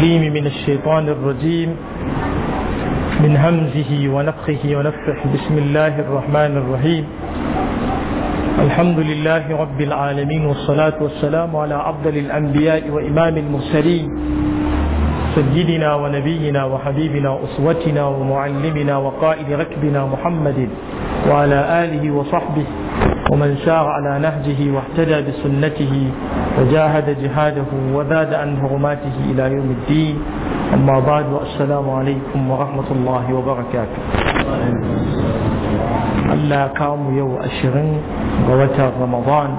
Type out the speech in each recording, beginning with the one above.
التقليم من الشيطان الرجيم من همزه ونفخه ونفخه بسم الله الرحمن الرحيم الحمد لله رب العالمين والصلاة والسلام على أفضل الأنبياء وإمام المرسلين سيدنا ونبينا وحبيبنا أسوتنا ومعلمنا وقائد ركبنا محمد وعلى آله وصحبه ومن شار على نهجه واهتدى بسنته وجاهد جهاده وزاد عن هرماته إلى يوم الدين أما بعد والسلام عليكم ورحمة الله وبركاته الله كام يو أشرين غوتا رمضان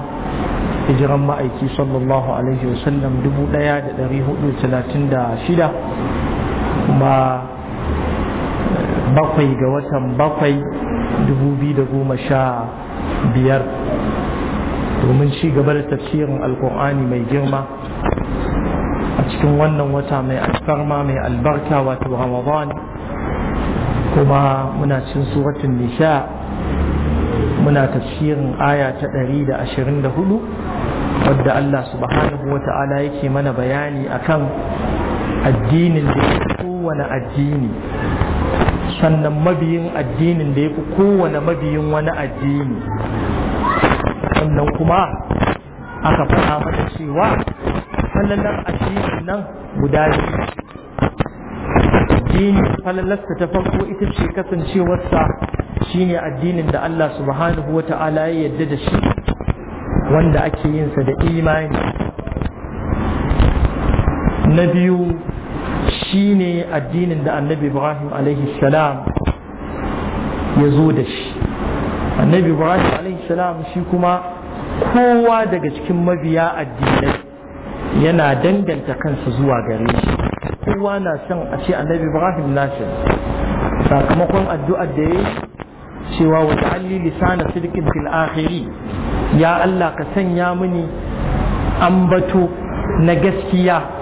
hijiran ma'aiki sallallahu alaihi wasallam 1436 kuma bakwai ga watan bakwai 2015 biyar domin ci gaba da tafsirin alkur'ani mai girma a cikin wannan wata mai alfarma mai albarka wato ramadan kuma muna cin suratun nisha muna tafsirin aya ta 124 wadda Allah subhanahu wa ta'ala yake mana bayani akan addinin da kowane addini sannan mabiyin addinin da ya fi kowane mabiyin wani addini sannan kuma aka faɗa mata cewa falalar addinin nan guda biyu addini falalarsa ta farko ita ce kasancewarsa shine addinin da Allah subhanahu wa ta'ala ya yadda da shi wanda ake yinsa da imani na biyu Shi ne addinin da annabi ibrahim alaihi salam ya zo da shi annabi ibrahim alaihi salam shi kuma kowa daga cikin mabiya addinai yana danganta kansa zuwa gare shi kowa na son a ce annabi ibrahim nasir sakamakon addu'ar da ya yi cewa wata alli lisana sirkin fil akhiri ya allah ka sanya mini ambato na gaskiya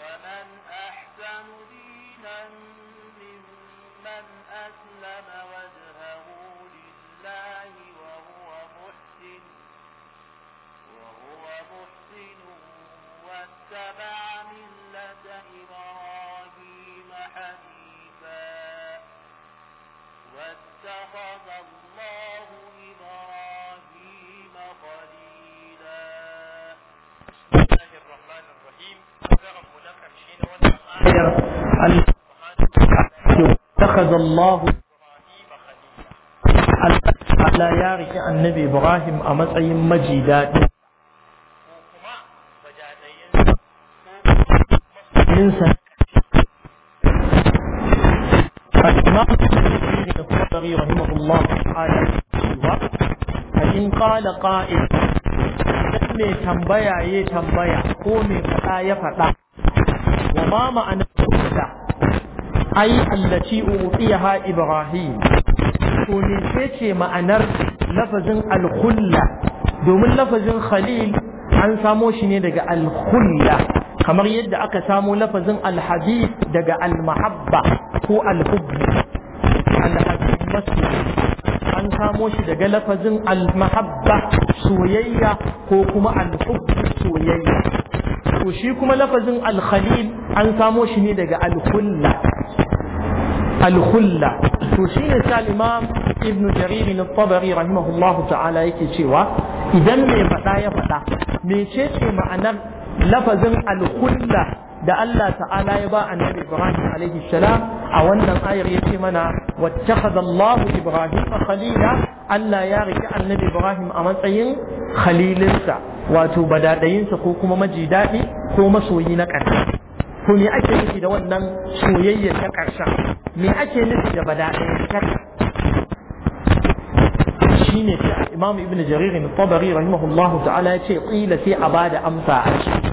ومن أحسن دينا ممن أسلم وجهه لله وهو محسن وهو محسن واتبع ملة إبراهيم حنيفا واتخذ الله إبراهيم خليلا اتخذ الله على يارك النبي ابراهيم Ibrahim a matsayin maji daɗi. Yinsa رحمه الله تعالى فإن قال قائل لم تنبيا يتنبيا قومي فلا يفتح amma ma'ana hujja ai allati utiyaha ibrahim to me ce ma'anar lafazin al domin lafazin khalil an samo shi ne daga al kamar yadda aka samo lafazin al daga al ko al-hubb al-habib an samo shi daga lafazin almahabba soyayya ko kuma al soyayya to shi kuma lafazin al an samo shi ne daga al-khulla to shi ne sa imam ibn jarir na tabari rahimahullahu ta'ala yake cewa idan mai faɗa ya faɗa mece ce ma'anar lafazin al da Allah ta'ala ya ba annabi Ibrahim alaihi salam a wannan ayar yace mana wattakhadha Allahu Ibrahim khalila Allah ya riki annabi Ibrahim a matsayin khalilinsa wato badadayinsa ko kuma maji daɗi ko masoyi na ƙarshe Ko me ake nufi da wannan soyayya ta ƙarshen me ake nufi da badadayin shine imam ibnu jarir al-tabari rahimahullahu ta'ala ce qila sai da amsa a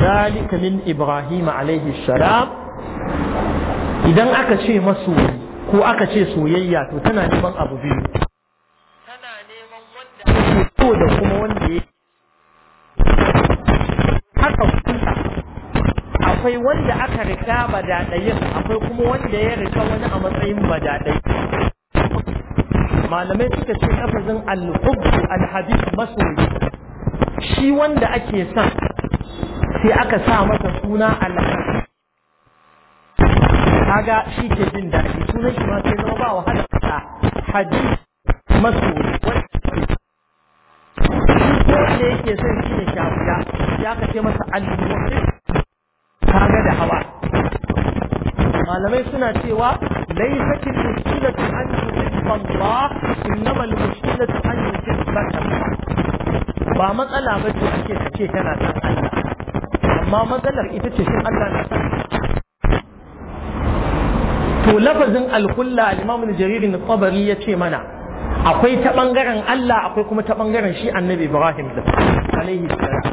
ذلك من إبراهيم عليه السلام إذا أكشي مسوي ko aka ce soyayya to tana neman abu biyu tana neman wanda ake so da kuma wanda ya haka kuma akwai wanda aka rika badaɗayin akwai kuma wanda ya rika wani a matsayin badaɗai malamai suka ce lafazin alhubbu alhabib masoyi shi wanda ake son sai aka sa masa suna alhaji kaga shi ke jin daɗi sunan shi ma sai zama ba wahala ta haji maso shi ne yake son shi ne shafiya ya ka ce masa alhaji kaga da hawa malamai suna cewa ليست المشكلة أن يحب الله إنما المشكلة أن يحب الله ba matsala ba ce ake ce kana san Allah amma matsalar ita ce shin Allah na san to lafazin alhulla al-Imam al-Jarir al-Tabari yace mana akwai ta bangaren Allah akwai kuma ta bangaren shi Annabi Ibrahim alaihi salam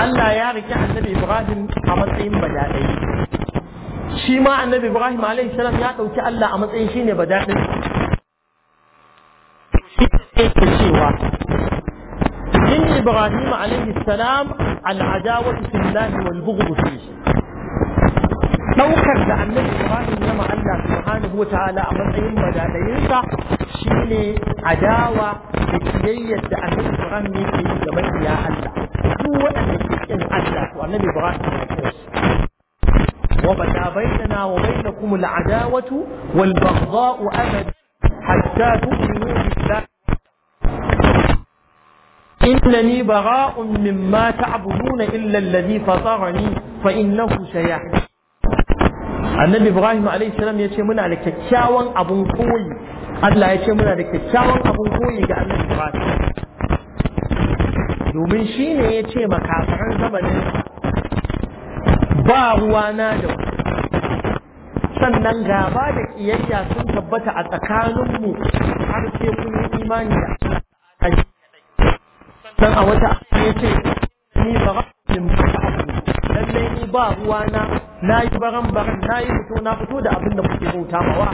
Allah ya rike Annabi Ibrahim a matsayin badadai shi ma Annabi Ibrahim alaihi salam ya dauki Allah a matsayin shine Shi badadai cewa in Ibrahim alaihi salam العداوة في الله والبغض فيه توقف لأن إبراهيم لما الله سبحانه وتعالى أمر أيما لا ينسى شيني عداوة بكيية لأن إبراهيم في زمن يا الله هو أن يكون الله والنبي إبراهيم يقول وبدا بيننا وبينكم العداوة والبغضاء أبدا حتى تؤمنوا بالله إنني براء مما تعبدون إلا الذي فطرني فإنه سيحدث annabi ibrahim alayhi salam ya ce muna da kyakkyawan abun koyi allah ya ce muna da kyakkyawan abun koyi ga annabi ibrahim domin shi ne ya ce makafaran zamanin ba na da sannan gaba da kiyayya sun tabbata a tsakaninmu har sai kun yi imani da dan a wata ya ce ni ba lallai ni ba ruwa na na yi baran baran na yi fito na fito da abin da kuke bauta mawa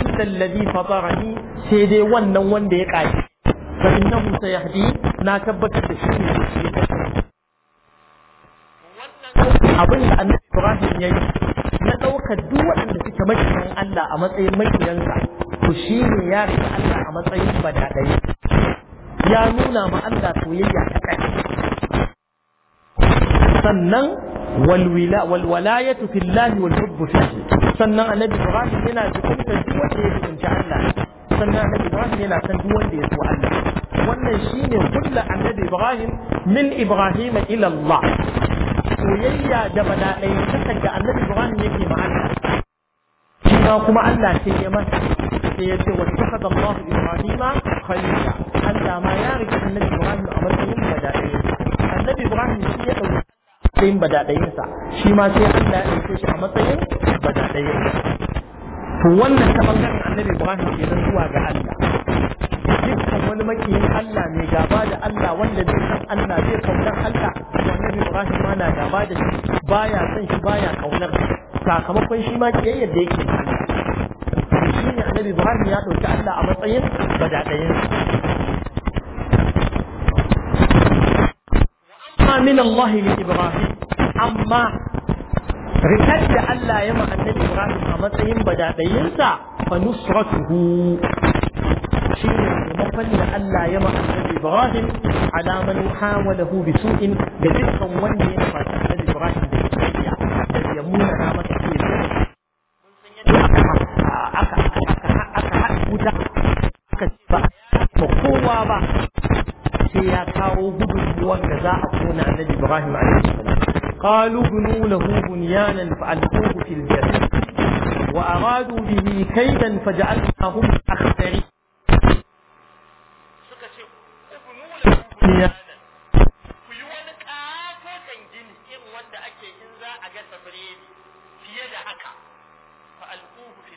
illa alladhi fatarani sai dai wannan wanda ya kaji fa innahu sayahdi na tabbatar da shi ne shi abin da annabi Ibrahim ya yi na ɗaukar duk waɗanda suke makiyan Allah a matsayin makiyansa to shi ne ya riƙe Allah a matsayin badaɗai ya nuna ma Allah soyayya ta ƙarfi sannan walwila walwalayatu fillahi wal hubbu fihi sannan annabi Ibrahim yana cikin duk wanda ya cikin Allah sannan annabi Ibrahim yana san duk wanda ya so Allah wannan shine kullu annabi Ibrahim min Ibrahim ila Allah soyayya da bala'i saka da annabi Ibrahim yake ma Allah kuma kuma Allah sai ya masa sai ya ce wa takhadallahu Ibrahima khalifa Allah ma ya rike annabi Ibrahim a matsayin badadayin annabi Ibrahim shi ya ɗauki matsayin badaɗayinsa, shi ma sai Allah ya dauke shi a matsayin badadayin to wannan ta bangaren annabi Ibrahim idan zuwa ga Allah dukkan wani makiyin Allah mai gaba da Allah wanda zai san Allah zai kaunar Allah annabi Ibrahim ma na gaba da shi baya son shi baya kaunar sakamakon shi ma kiyayyar da yake shi ne annabi ibrahim ya ɗauki allah a matsayin badaɗayin amma min allah min ibrahim amma rikar da allah ya ma annabi ibrahim a matsayin badaɗayinsa fa nusratuhu shi ne taimakon da allah ya ma annabi ibrahim ala man hawalahu bi su'in da dukkan wanda ya nufa annabi ibrahim da أول كذا أقول عن نبي إبراهيم عليه السلام قالوا بنوا له بنيانا فألقوه في الجسد وأرادوا به كيدا فجعلناهم أخسرين فألقوه في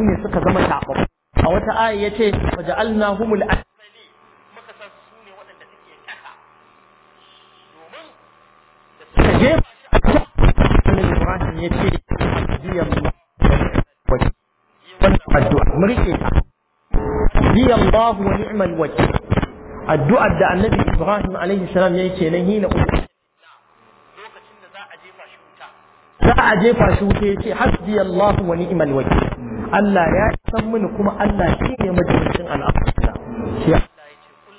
su ne suka zama taɓa a wata aya ya ce waja'alna humul asali muka san su ne waɗanda suke ƙasa domin da suka jefa shi a Ibrahim ya ce wannan addu'a mun rike ta biyan Allah wa ni'mal wakil Addu'a da annabi Ibrahim alaihi salam yayi kenan hina za a jefa shi wuta ya ce hasbi Allah wa ni'mal wakil Allah ya san mini kuma Allah shi ne majalisun al'amurka shi Allah ya ce kuni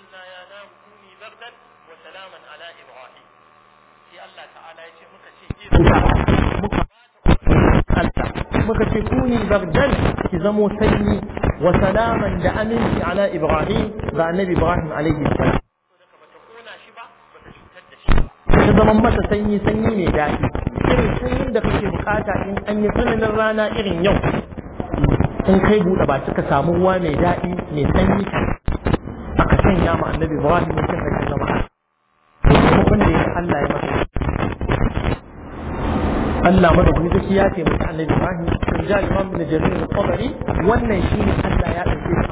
bardan wa salaman ala ibrahim sai Allah ta'ala ya ce muka ce kuni bardan ki zamo sanyi wa salaman da aminci ala ibrahim ga annabi ibrahim alaihi salam ta zama masa sanyi sanyi mai daɗi irin sanyin da kake bukata in an yi tsananin rana irin yau in kai buɗe ba suka samu ruwa mai daɗi mai sanyi aka sanya ma annabi wani mutum da ka zama kun da ya Allah ya masa Allah kuma duk ya taimaki annabi ba sun ja imam bin jarir al-qabari wannan ne Allah ya dauke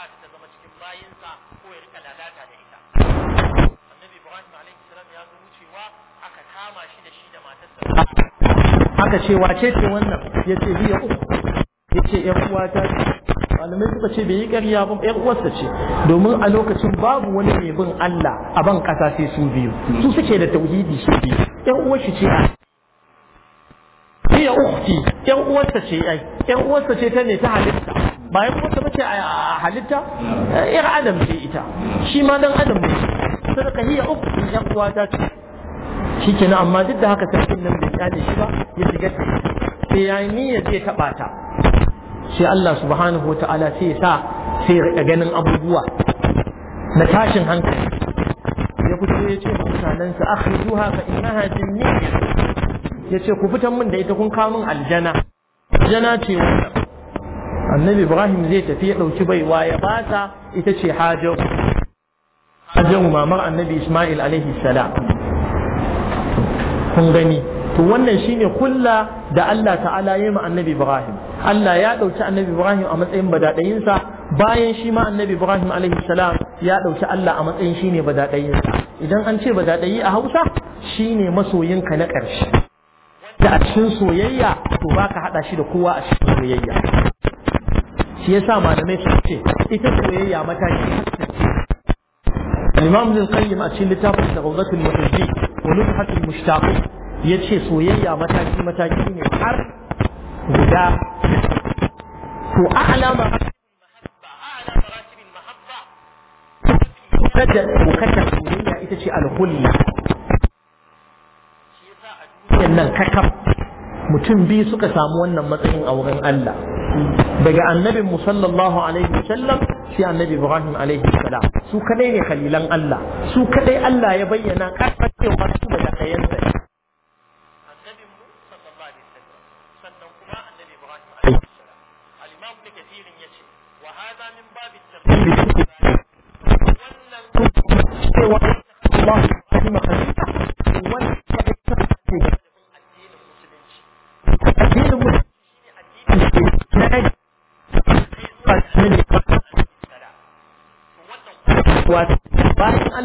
sa ta zama cikin bayinsa ko ya rika lalata da ita annabi ibrahim alayhi salam ya zo wucewa aka kama shi da shi da matarsa aka ce wace ce wannan ya ce hiya uku ya ce yan uwa ta ce malamai suka ce bai yi ƙarya ba yan uwarsa ce domin a lokacin babu wani mai bin Allah a ban ƙasa sai su biyu su suke da tauhidi su biyu yan uwar shi ce hiya ukhti yan uwarsa ce ai yan uwarsa ce ta ne ta halitta ba ya kuma bace a halitta yar adam ce ita shi ma dan adam ne sadaka hiya ukhtun yan uwa ta ce shikenan amma duk da haka sarkin nan bai kyale shi ba ya shiga sai ya ni ya je taba ta sai Allah subhanahu wataala sai ya sa sai ya ganin abubuwa na tashin hankali ya fito ya ce mutanen sa akhrijuha fa innaha jinniyya ya ce ku fitan min da ita kun kawo min aljana aljana ce wanda. annabi ibrahim zai tafi ya ɗauki baiwa ya bata ita ce hajar hajar mamar annabi isma'il alaihi salam kun gani to wannan shine kulla da Allah ta'ala ya ma annabi ibrahim Allah ya ɗauki annabi ibrahim a matsayin badaɗayinsa bayan shi ma annabi ibrahim alaihi salam ya ɗauki Allah a matsayin shine badaɗayinsa idan an ce badaɗayi a hausa shine masoyinka na ƙarshe da a cikin soyayya to baka haɗa shi da kowa a cikin soyayya shi yasa malamai sun ce ita soyayya mataki Imam Ibn Qayyim a cikin littafin da Rawdatul Muhajji wa Nufhatul Ya ce soyayya mataki mataki ne har guda Ko to a'lama bukatar soyayya ita ce alhulla shi yasa a duniyar nan kakaf mutum biyu suka samu wannan matsayin a wurin Allah daga annabin mu sallallahu alaihi wasallam sai annabi Ibrahim alaihi salam su kadai ne khalilan Allah su kadai Allah ya bayyana kasancewa su da kayansa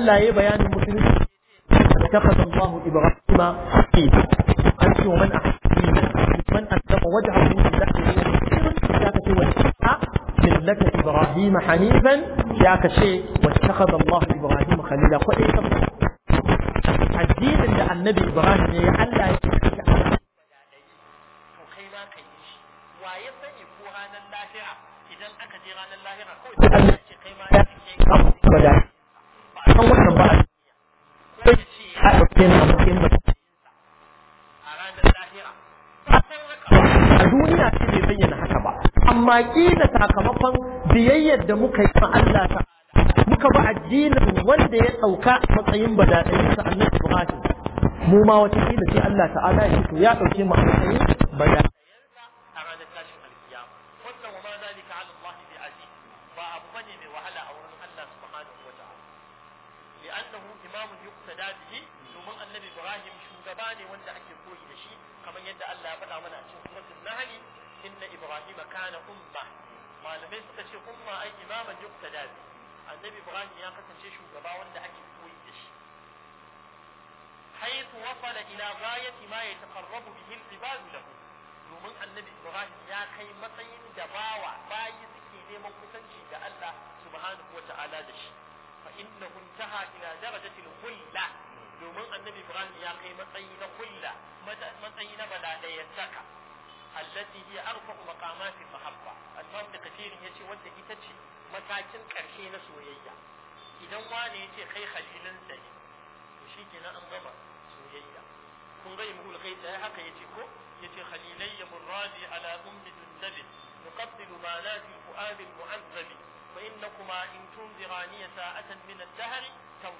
الله ya bayanin musulunci اتخذ الله ابراهيم خليلا انت ومن احسن من اسلم وجهه الله ذاك ملة ابراهيم حنيفا ياك شيء واتخذ الله ابراهيم خليلا إيه؟ الدين اللي النبي ابراهيم cewa da sakamakon biyayyar da muka yi ma Allah ta muka bi addinin wanda ya dauka matsayin badaɗin sa annabi Ibrahim mu ma wata kila sai Allah ta'ala ya ce ya dauke mu a matsayin ya kai matsayin da bawa bayi suke neman kusanci da Allah subhanahu wa ta'ala da shi fa innahu intaha ila darajatil hulla domin annabi Ibrahim ya kai matsayi na hulla matsayi na baladayantaka allati hiya arfa'u maqamati mahabba al-imam da ya yace wanda ita ce matakin karshe na soyayya idan wani yace kai khalilin sa to shikenan an gama soyayya kun ga imhul kai haka yace ko yace khalilayya murradi ala ummi dundabi nuqabbilu ma la fi fu'ad al-mu'azzab fa innakuma in tunzirani sa'atan min ad-dahr da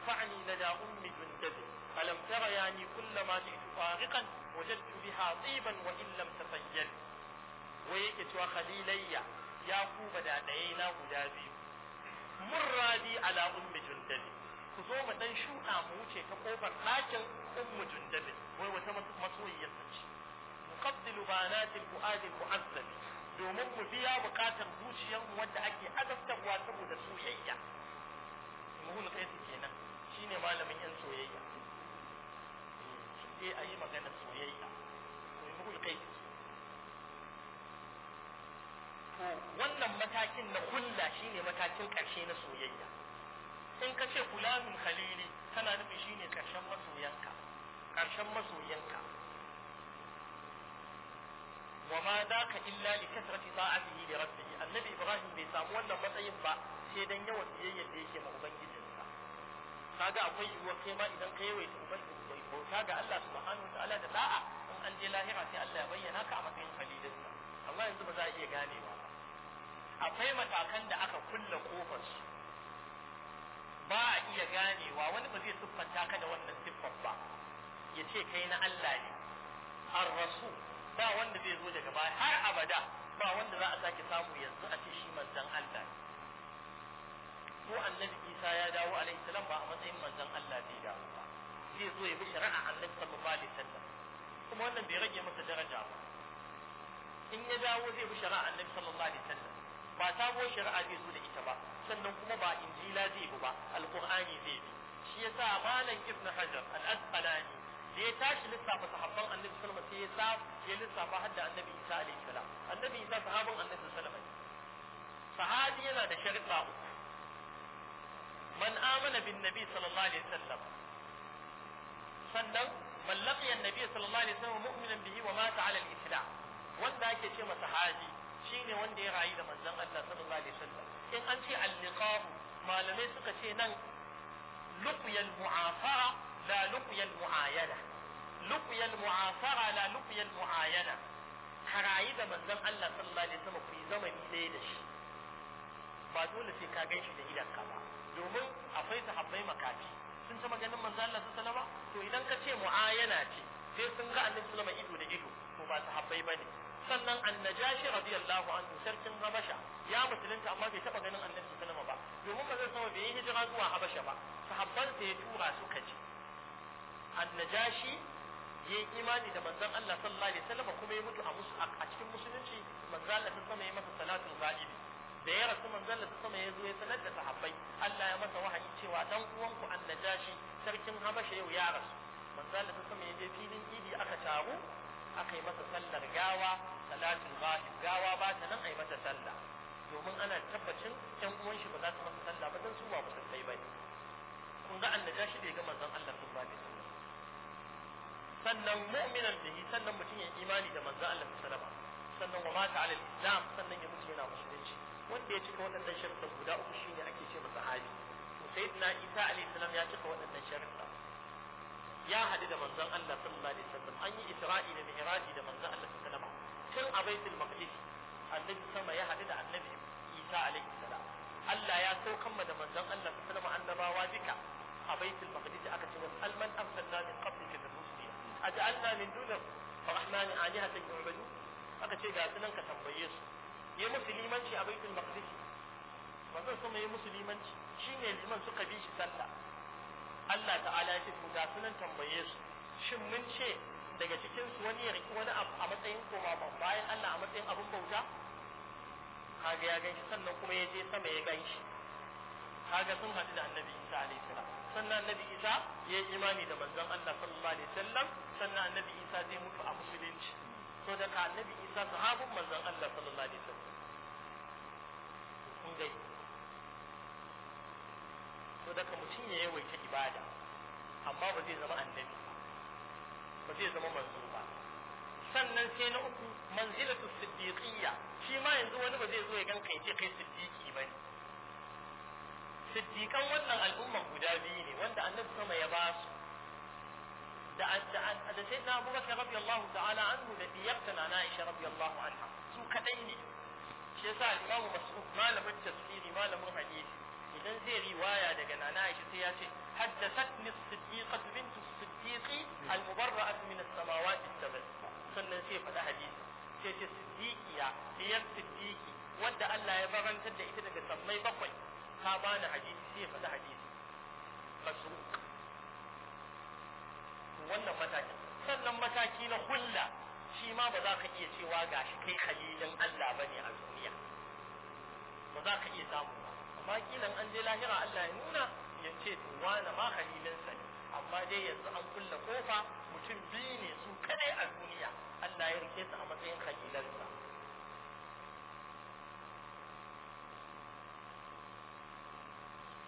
lada ummi dundabi alam tara yani kullama ji'tu fariqan wajadtu biha tiban wa in lam tafayyal wa yake cewa khalilayya ya ku bada ɗaya na guda biyu murradi ala ummi jundabi ku zo mu dan shuka mu wuce ta ƙofar ɗakin ummu jundabi wai wata masoyiyar ce khafdi lubanatil fuadil mu'azzab domin mu biya bukatar zuciyar mu wanda ake azabtarwa saboda soyayya muhul kai kenan shine malamin yan soyayya sai eh, a yi magana soyayya muhul kai to wannan matakin na hulla shine matakin karshe na soyayya in ka ce fulanin khalili kana nufin shine karshen masoyanka karshen masoyanka wa ma ka illa li kasrati ta'atihi li rabbih annabi ibrahim bai samu wannan matsayin ba sai dan yawan biyayyar da yake ma ubangijinsa kaga akwai yiwuwar kai idan ka yawaita ubangiji bauta ga Allah subhanahu ta'ala da da'a in an je lahira sai Allah ya bayyana ka a matsayin khalilinsa amma yanzu ba za a iya ganewa ba akwai matakan da aka kulle kofar su ba a iya ganewa wani ba zai siffanta ka da wannan siffar ba ya ce kai na Allah ne ar zai zo daga baya har abada ba wanda za a sake samu yanzu a ce shi manzon Allah ko annabi Isa ya dawo alaihi salam ba a matsayin manzan Allah bai dawo ba zai zo ya bi shari'a annabi sallallahu alaihi wasallam kuma wannan bai rage masa daraja ba in ya dawo zai bi shari'a annabi sallallahu alaihi wasallam ba sabuwar shari'a zai zo da ita ba sannan kuma ba injila zai bi ba alqur'ani zai bi shi yasa malam ibnu hajar al-asqalani da ya tashi lissafa sahabban annabi sallallahu alaihi wasallam sai ya lissafa hadda annabi isa alaihi salam annabi isa sahabin annabi sallallahu alaihi sahabi yana da sharuɗa uku man amana bin nabi sallallahu alaihi wasallam sannan man laqiya annabi sallallahu alaihi wasallam mu'minan bihi wa mata ala al-islam wanda ake ce masa shine wanda ya rayu da manzon Allah sallallahu alaihi wasallam in an ce al-liqa'u malamai suka ce nan luqyal mu'afara la luqyal mu'ayada luqyal mu'asara la luqyal mu'ayana karayi da manzon Allah sallallahu alaihi ku yi zamani ɗaya da shi ba dole sai ka ganshi da idanka ba domin akwai sahabbai makafi sun taɓa ganin manzon Allah sallallahu alaihi wasallam to idan ka ce mu'ayana ce sai sun ga annabi sallallahu alaihi wasallam ido da ido to ba sahabbai bane sannan annajashi radiyallahu anhu sarkin habasha ya musulunta amma bai taba ganin annabi sallama ba domin ba zai sama bai yi hijira zuwa habasha ba sahabban sai ya tura suka ji annajashi ya yi imani da manzon Allah sallallahu alaihi wasallam kuma ya mutu a musu a cikin musulunci manzon Allah sama ya masa salatu ghaibi da ya rasu manzon Allah sama ya zo ya sanar da sahabbai Allah ya masa wahayi cewa dan uwanku annajashi sarkin Habasha yau ya rasu manzon Allah sama ya je filin idi aka taru aka yi masa sallar gawa salatu ghaibi gawa ba ta nan a yi mata sallah domin ana tabbacin ƴan uwan shi ba za su masa sallah ba dan su ba musulmai bane kun ga annajashi bai ga manzon Allah sallallahu alaihi wasallam sannan mu'minan bihi sannan mutum ya imani da manzo Allah sallama sannan wa mata alal islam sannan ya mutu yana musulunci wanda ya cika waɗannan sharuɗan guda uku shine ake ce masa hali to sayyidina Isa alaihi salam ya cika waɗannan sharuɗan ya haɗu da manzon Allah sallallahu alaihi wasallam an yi isra'i da mi'raji da manzon Allah sallallahu alaihi wasallam tun a baitul maqdis annabi sama ya haɗu da annabi Isa alaihi salam Allah ya saukan ma da manzon Allah sallallahu alaihi wasallam annabawa duka a baitul maqdis aka ce wasalman arsalna min qablika min rusul أجعلنا من دون الرحمن آلهة يعبدون aka ce ga su nan ka tambaye su yi musulmanci a baitul maqdis manzon sama yi musulmanci shine man suka bi shi sallah Allah ta'ala ya ce to ga su nan tambaye su shin mun ce daga cikin su wani ya riki wani a matsayin koma ban bayan Allah a matsayin abun bauta kaga ya ganshi sannan kuma ya je sama ya ganshi kaga sun haɗu da annabi Isa alaihi salam sannan annabi Isa ya yi imani da manzon Allah sallallahu alaihi wasallam sannan annabi isa zai mutu a musulunci so da ka annabi isa sahabin manzon Allah sallallahu alaihi wasallam kun gai so da ka mutum ya yawaita ibada amma ba zai zama annabi ba zai zama manzo ba sannan sai na uku manzilatu siddiqiyya shi ma yanzu wani ba zai zo ya ganka ya ce kai siddiqi bane siddiqan wannan al'umman guda biyu ne wanda annabi sama ya ba su da sayyidina abubakar radiyallahu ta'ala anhu da diyarta na aisha radiyallahu anha su kadai ne shi yasa imamu mas'ud malamin tafsiri malamin hadisi idan zai riwaya daga nana aisha sai ya ce haddathatni as-siddiqah bint as-siddiqi al-mubarra'at min as-samawat as-sab'a sannan sai faɗa hadisi sai ce siddiqiya diyar siddiqi wanda Allah ya barantar da ita daga sammai bakwai ta bani hadisi sai faɗa hadisi mas'ud wannan mataki sannan mataki na hulla shi ma ba za ka iya cewa ga shi kai halilin Allah bane a duniya ba za ka iya samu ba amma kilan an je lahira Allah ya nuna ya ce to ma halilin sa ne amma dai yanzu an kulla kofa mutum biyu ne su kadai a duniya Allah ya rike su a matsayin halilansa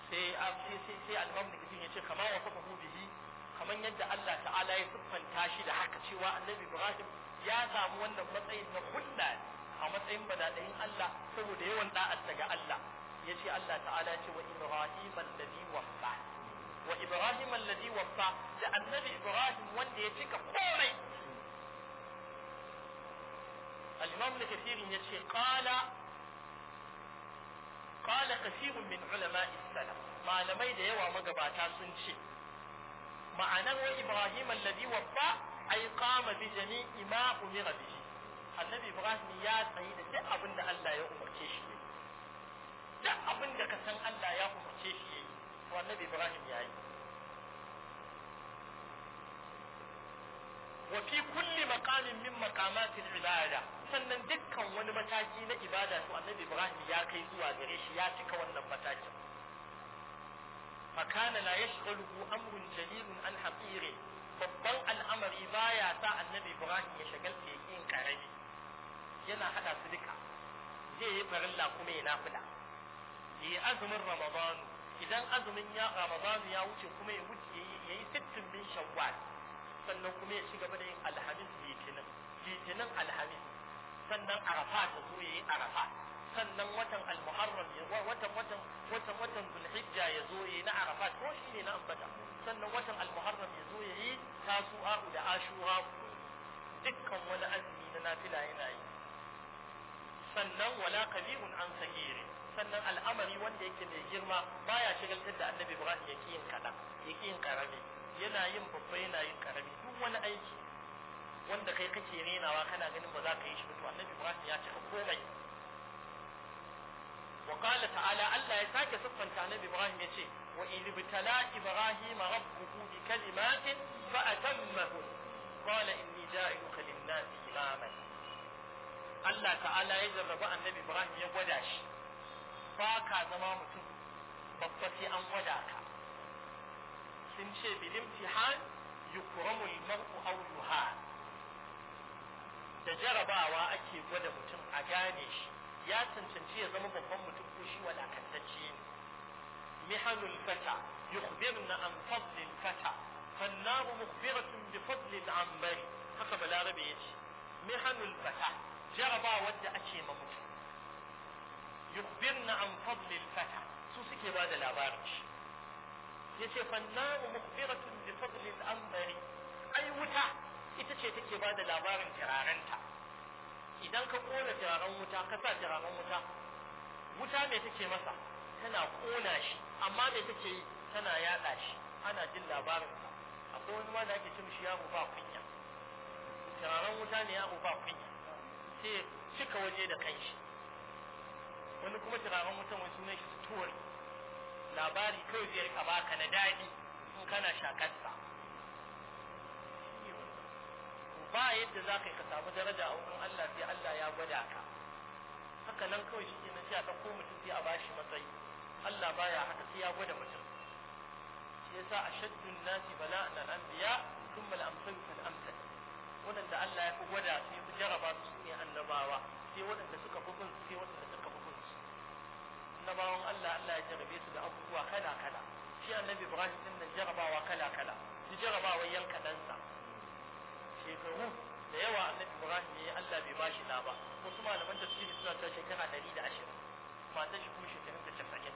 sai ah, sai sai al-mamdu ya ce kama wa kafa bihi kaman yadda Allah ta'ala ya siffanta shi da haka cewa annabi Ibrahim ya samu wannan matsayin na hulɗa a matsayin badadayin Allah saboda yawan da'ar daga Allah ya ce Allah ta'ala ce wa Ibrahim alladhi waffa wa Ibrahim alladhi waffa da annabi Ibrahim wanda ya cika komai الإمام ابن كثير qala qala قال min ulama'is salaf malamai da yawa magabata sun ce ma'anar wa ibrahim alladhi waffa ay qama bi jami'i ma umira bihi annabi ibrahim ya tsayi da duk abin da Allah ya umarce shi duk abin da ka san Allah ya umarce shi yayi to annabi ibrahim ya yi wa fi kulli maqamin min maqamatil ibada sannan dukkan wani mataki na ibada to annabi ibrahim ya kai zuwa gare shi ya cika wannan matakin fakana la yashghaluhu amrun jalilun an haqirin babban al'amari ba ya sa annabi ibrahim ya shagalta yake yin karami yana hada su duka zai yi farilla kuma ya nafila yi azumin ramadanu idan azumin ya ramadanu ya wuce kuma ya wuce ya yi sittin bin shawwal sannan kuma ya shiga gaba da yin alhamis litinin litinin alhamis sannan arafa ko zo ya yi arafa sannan watan al-muharram watan watan watan watan zulhijja ya zo yayi na arafat ko shine na ambata sannan watan al-muharram ya zo yayi tasu'a da ashura dukkan wani azumi na nafila yana yi sannan wala kabirun an sagiri sannan al'amari wanda yake mai girma baya shigaltar da annabi ibrahim yake yin kada yake yin karami yana yin babba yana yin karami duk wani aiki wanda kai kake renawa kana ganin ba za ka yi shi ba to annabi ibrahim ya cika komai وقال تعالى ألا يساك سفن عن إبراهيم يشي وإذ ابتلى إبراهيم ربه بكلمات فأتمهن قال إني جائلك للناس إماما Allah ta'ala ya jarrabu annabi Ibrahim ya gwada shi ba ka zama mutum babba sai an gwada ka sun ce bilim tihan yukramul mar'u aw yuhan da jarabawa ake gwada mutum a gane shi ya cancanci ya zama babban mutum ko shi walakantacce ne mihanul fata yukhbirna an fadlil fata fannaru mukhbiratun bi fadlil ambari haka balarabe ya ce mihanul fata jaraba wadda ake ma mutum yukhbirna an fadlil fata su suke ba da labarin shi yace fannaru mukhbiratun bi fadlil ambari ai wuta ita ce take ba da labarin kiraranta idan ka kona turaren wuta ka sa turaren wuta wuta me take masa tana kona shi amma me take yi tana yaɗa shi ana jin labarin sa akwai wani ma da ake cin shi yaro ba kunya turaren wuta ne yaro ba kunya sai cika waje da shi wani kuma turaren wuta wani suna shi story labari kawai zai ba baka na daɗi in kana shakarsa ba yadda za ka ka samu daraja a wurin Allah sai Allah ya gwada ka haka nan kawai shi ke sai a ɗauko mutum sai a bashi matsayi Allah baya haka sai ya gwada mutum shi yasa ashaddu nasi bala'an al-anbiya thumma al-amsalu fal amsal wadanda Allah ya fi gwada sai fi jaraba su ne annabawa sai wadanda suka fi bin sai wadanda suka fi bin annabawan Allah Allah ya jarabe su da abubuwa kala kala shi annabi Ibrahim din nan jarabawa kala kala shi jarabawa yanka ɗansa shekaru da yawa annabi Ibrahim ya Allah bai bashi da ba wasu malaman tafsiri suna ta shekara ashirin. matan shi kuma shekarun da 90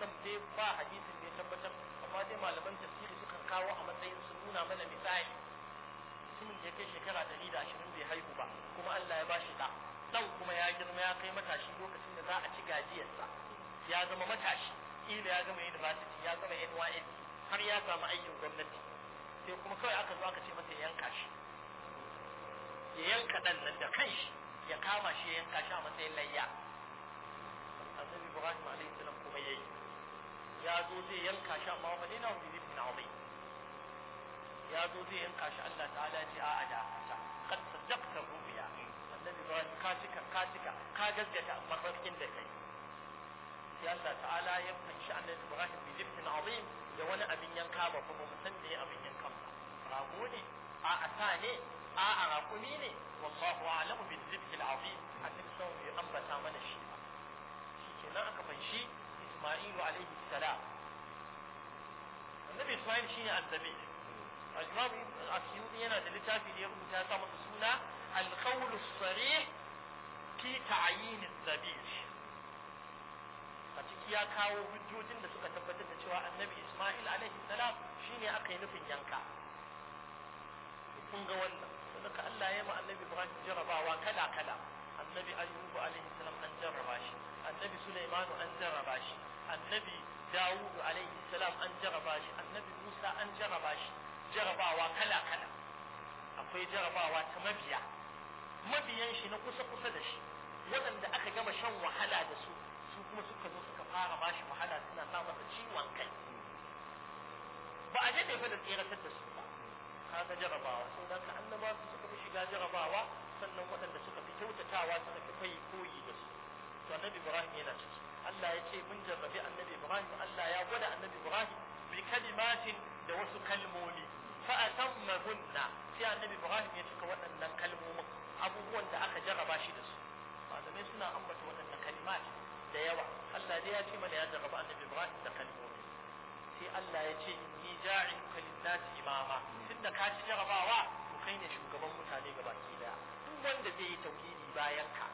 wannan dai ba hadisin ne tabbatar amma dai malaman tafsiri suka kawo a matsayin su nuna mana misali mutumin da ya kai shekara ashirin bai haihu ba kuma Allah ya bashi da dan kuma ya girma ya kai matashi lokacin da za a ci gajiyarsa ya zama matashi ila ya gama university ya gama NYN har ya samu aikin gwamnati sai kuma kawai aka zo aka ce masa yanka shi ya yanka ɗan nan da kanshi ya kama shi ya yanka shi a matsayin layya annabi ibrahim alaihi salam kuma yayi ya zo zai yanka shi amma fa dina hu bi azim ya zo zai yanka shi Allah ta'ala ce a'a da ta kad sadaqta rubiya annabi ibrahim ka cika ka cika ka gaggata mafarkin da kai sai Allah ta'ala ya fanci annabi ibrahim bi zibtin azim da wani abin yanka ba kuma san da ya abin yanka ba rago ne a sa ne a'a raƙumi ne wallahu a'lamu bil zibhil azim annabi sallallahu alaihi wasallam ambata mana shi ba shikenan aka fanshi Isma'il alaihi salam annabi Isma'il shine annabi al-Imam Asyuti yana da littafi da ya rubuta sa masa suna al-qawl as-sarih fi ta'yin az-zabih a ciki ya kawo hujjojin da suka tabbatar da cewa annabi Isma'il alaihi salam shine aka yi nufin yanka kun ga wannan saboda Allah ya ma annabi Ibrahim jarrabawa kala kala annabi Ayyub alaihi salam an jarraba shi annabi Sulaiman an jarraba shi annabi Dawud alaihi salam an jarraba shi annabi Musa an jarraba shi Jarabawa kala kala akwai jarabawa ta mabiya mabiyan shi na kusa kusa da shi waɗanda aka gama shan wahala da su su kuma suka zo suka fara bashi wahala suna sa masa ciwon kai ba a daɗe fa da tseratar da su na jarabawa sau da ka annaba su suka fi shiga jarabawa sannan waɗanda suka fi kyautatawa suka fi kai koyi da su to annabi ibrahim yana ciki Allah ya ce mun jarrabi annabi ibrahim Allah ya gwada annabi ibrahim bi kalimatin da wasu kalmomi fa atammahunna sai annabi ibrahim ya cika waɗannan kalmomin abubuwan da aka jarraba shi da su malamai suna ambata waɗannan kalimat da yawa Allah dai ya ce mana ya jarraba annabi ibrahim da kalmomi sai Allah ya ce ni ja'in kalinnati imama tunda ka ci jarabawa to kai ne shugaban mutane gabaki daya duk wanda zai yi tauhidi bayan ka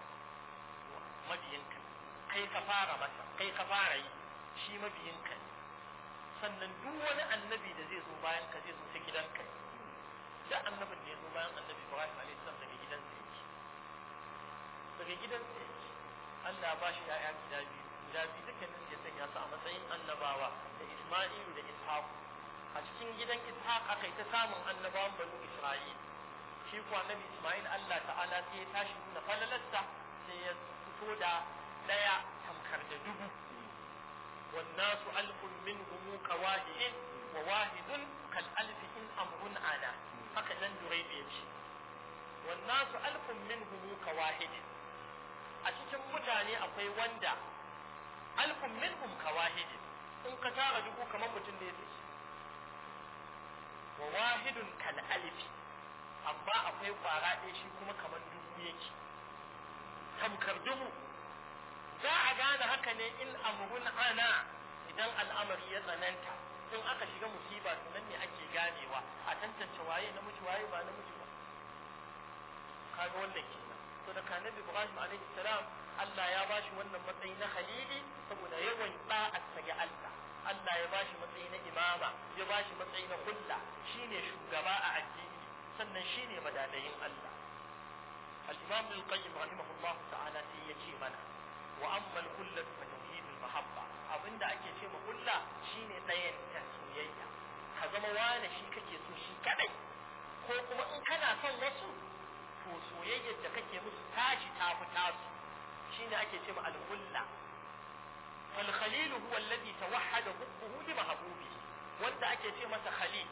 ka kai ka fara masa kai ka fara yi shi mabiyinka ne sannan duk wani annabi da zai zo bayan ka zai zo ta gidanka da annabin da ya zo bayan annabi Ibrahim alaihi salam daga gidan gidansa yake daga gidan gidansa yake Allah ba shi ya'ya gida biyu guda biyu dukkanin ya sanya su a matsayin annabawa da Isma'ilu da Ishaq a cikin gidan Ishaq aka yi ta samun annabawan banu Isra'il shi kuwa Isma'il Allah ta'ala sai ya tashi nuna falalarsa sai ya fito da daya tamkar da dubu والناس ألف منهم كواهد وواحد كالألف إن أمر على هكذا جريب يمشي والناس ألف منهم كواهد a cikin mutane akwai wanda alfun minhum kawahidin in ka tara duku kamar mutum da ya take wa wahidun kal alifi amma akwai kwara ɗaya shi kuma kamar dubu yake tamkar dubu za a gane haka ne in amrun ana idan al'amari ya tsananta in aka shiga musiba sunan ne ake ganewa a tantance waye namiji waye ba namiji ba kaga wannan kenan to da kanabi Ibrahim alaihi salam Allah ya bashi wannan matsayi na halili saboda yawan ba'a tsage Allah Allah ya bashi matsayi na imama ya bashi matsayi na kulla shine shugaba a addini sannan shine madadayin Allah al-Imam al-Qayyim rahimahullah ta'ala sai ya mana wa amma al-kulla fa tauhid al-mahabba abinda ake ce ma kulla shine tsayen soyayya ka zama wani shi kake so shi kadai ko kuma in kana son wasu to soyayyar da kake musu tashi ta fi tasu shine ake cewa al-hulla fal khalil huwa alladhi tawahhada hubbuhu li mahbubihi wanda ake ce masa khalil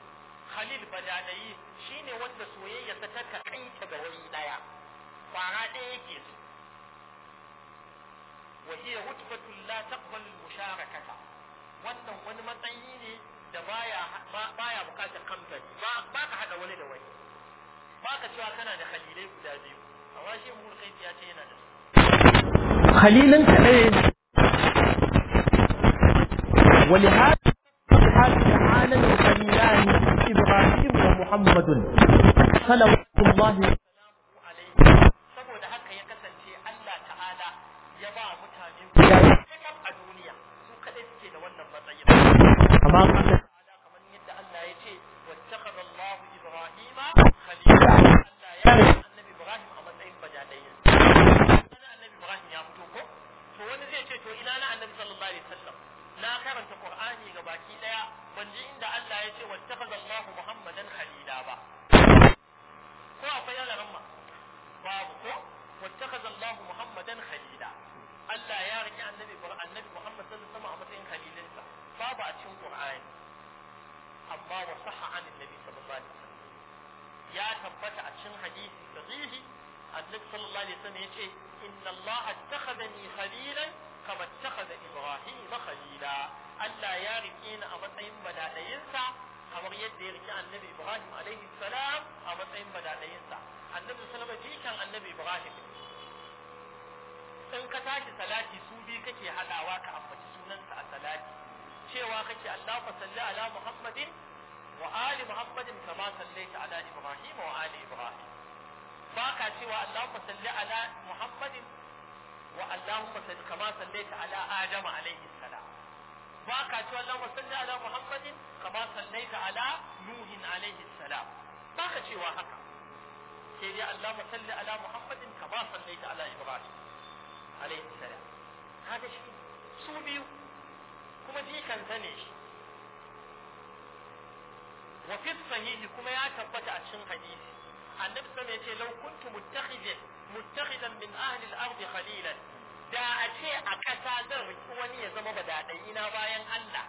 khalil badanayi shine wanda soyayya ta taka kanta ga wani daya kwara ɗaya yake so wa hiya hutbatun la taqbal musharakata wannan wani matsayi ne da baya baya bukatar kamfani ba ka hada wani da wani ba ka cewa kana da khalilai guda biyu amma shi mu kai ya ce yana da halilin kaɗai wani Muhammadun salamun Allahi saboda haka ya kasance Allah ta'ala ya ba mutane musamman a duniya su kaɗai suke da wannan matsayin. Amma kuma ta'ala kamar yadda Allah ya ce wacce kaɗa Allah to wani zai ce to ina na annabi sallallahu alaihi wasallam na karanta qur'ani ga baki daya ban ji inda Allah ya ce wattakhadha Allah Muhammadan khalila ba ko akwai yaran ma babu ko wattakhadha Allah Muhammadan khalila Allah ya rike annabi annabi Muhammad sallallahu alaihi wasallam a matsayin khalilinsa babu a cikin qur'ani amma wa sahha an annabi sallallahu alaihi wasallam ya tabbata a cikin hadisi sahihi annabi sallallahu alaihi wasallam yace inna Allah attakhadani khalilan kama attakhadha Ibrahim khalila Allah ya rike ni a matsayin badadayinsa kamar yadda ya rike annabi Ibrahim alaihi salam a matsayin badadayinsa annabi sallallahu alaihi wasallam annabi Ibrahim in ka tashi salati su bi kake hadawa ka ambaci sunansa a salati cewa kake Allahu salli ala Muhammadin wa ali Muhammadin kama sallaita ala Ibrahim wa ali Ibrahim ba ka cewa Allahumma salli ala Muhammadin wa Allahumma salli kama sallaita ala Adam alaihi salam ba ka cewa Allahumma salli ala Muhammadin kama sallaita ala Nuhin alaihi salam ba ka cewa haka sai dai Allahumma salli ala Muhammadin kama sallaita ala Ibrahim alaihi salam haka shi su biyu kuma jikanta ne shi wa fi sahihi kuma ya tabbata a cikin hadisi annabi sallallahu alaihi wasallam yace law kuntu muttakhidan muttakhidan min ahli al-ard khalilan da a ce a kasa zan riki wani ya zama badadai ina bayan Allah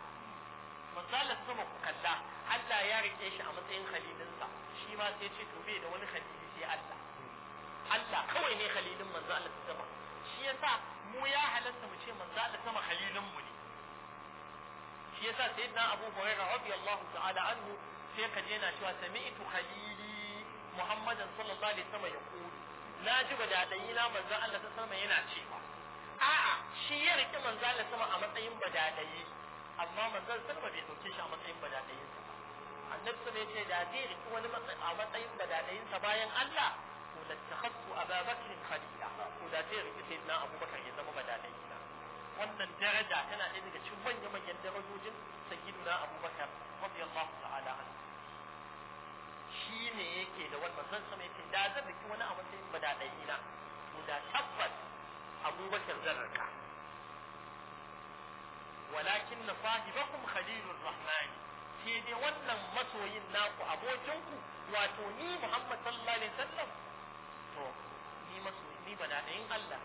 manzalar sama ku kalla Allah ya rike shi a matsayin khalilinsa shi ma sai ce to bai da wani khalili sai Allah Allah kawai ne khalilin manzo Allah sama shi yasa mu ya halatta mu ce manzo Allah sama khalilin mu ne shi yasa sayyidina Abu Hurairah radiyallahu ta'ala anhu sai kaje je na cewa sami'tu khalil muhammadan sallallahu alaihi wasallam ya kuri na ji badadayi na manzon Allah ta sama yana cewa a'a shi ya rike manzon Allah sama a matsayin badadayi amma manzon sallama bai dauke shi a matsayin badadayin sa annabi sama ya ce da zai rike wani a matsayin badadayin sa bayan Allah ko to lattakhassu ababakr khalila ko da zai rike na abubakar ya zama badadayi na wannan daraja tana ɗaya daga cikin manya-manyan darajojin sayyidina abubakar radiyallahu ta'ala anhu shi ne yake da wannan zan sama yake da zan biki wani abu sai ba da dai na to da tabbas abubakar zan raka walakin na sahibakum khalilur rahman sai dai wannan masoyin naku abokinku wato ni Muhammad sallallahu alaihi wasallam to ni masoyi ni ba da dai Allah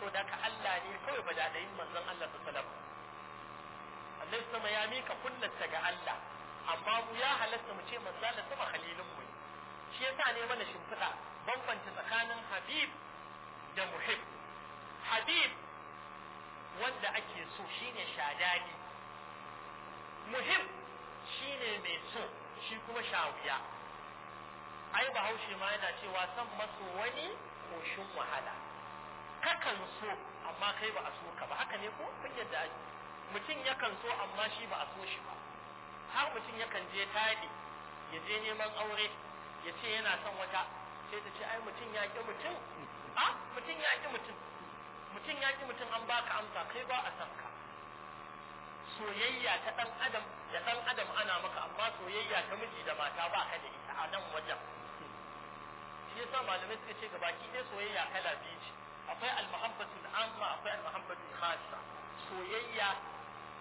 to da ka Allah ne kawai ba da dai manzon Allah sallallahu alaihi wasallam Allah sama ya mika kunnata ga Allah amma mu ya halatta mu ce manzo Allah sama mu shi yasa ne mana shimfiɗa bambanta tsakanin habib da muhib habib wanda ake so shine shadani muhib shine mai so shi kuma shawuya ai bahaushe ma yana cewa san maso wani koshin wahala kakan so amma kai ba a so ka ba haka ne ko kun yadda mutum yakan so amma shi ba a so shi ba har mutum yakan je tadi ya je neman aure ya ce yana son wata sai ta ce ai mutum ya ƙi mutum a ah, mutum ya ƙi mutum mutum ya ƙi mutum an baka amsa kai ba a san ka soyayya ta ɗan adam da ɗan adam ana maka amma soyayya ta miji da mata ba ka da ita a nan wajen shi yasa malamai suka ce ki ɗaya soyayya kala biyu ce akwai almahabbatul amma akwai almahabbatul khassa soyayya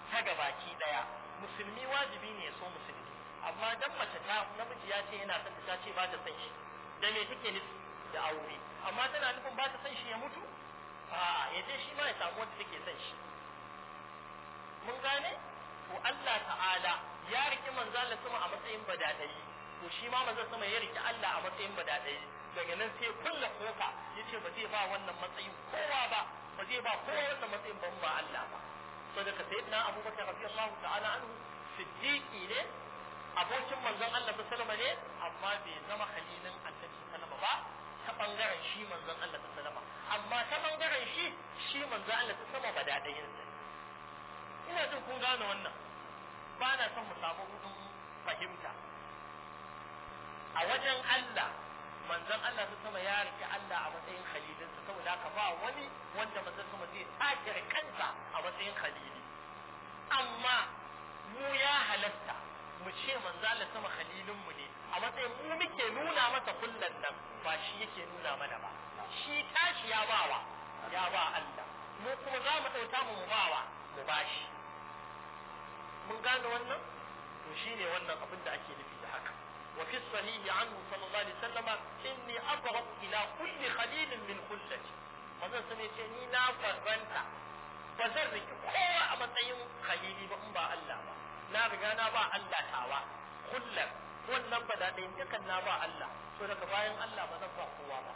ta gabaki ɗaya musulmi wajibi ne ya so musulmi amma dan mace ta namiji ya ce yana son ta ce ba ta san shi da me take nufi da aure amma tana nufin ba ta san shi ya mutu a ya ce shi ma ya samu wanda take san shi mun gane to Allah ta'ala ya riki manzo Allah sama a matsayin badadai to shi ma manzo sama ya riki Allah a matsayin badadai daga nan sai kulla koka yace ba zai ba wannan matsayin kowa ba ba zai ba kowa wannan matsayin ban ba Allah ba so sayyidina abubakar radiyallahu ta'ala anhu siddiqi ne abokin manzon Allah ne amma bai zama halilin annabi ba ta bangaren shi manzon Allah amma ta bangaren shi shi manzon Allah ba dadayin sa ina jin kun gane wannan ba na son mu samu hudun fahimta a wajen Allah manzon Allah ta sama ya rike Allah a matsayin khalilinsa saboda haka ba wani wanda manzon sama zai tajira kansa a matsayin khalili amma mu ya halatta mu ce manzon Allah sama khalilin mu ne a matsayin mu muke nuna masa kullun nan ba shi yake nuna mana ba shi tashi ya bawa ya ba Allah mu kuma za mu ɗauta mu bawa mu bashi mun gane wannan to shine wannan abin da ake nufi وفي الصحيح عنه صلى الله عليه وسلم إني أقرب إلى كل خليل من خلتي manzon sun ce ni na farranta ba zan riki kowa a matsayin khalili ba in ba Allah ba na riga na ba Allah tawa kullar wannan ba daɗin dukan na ba Allah to daga bayan Allah ba zan ba kowa ba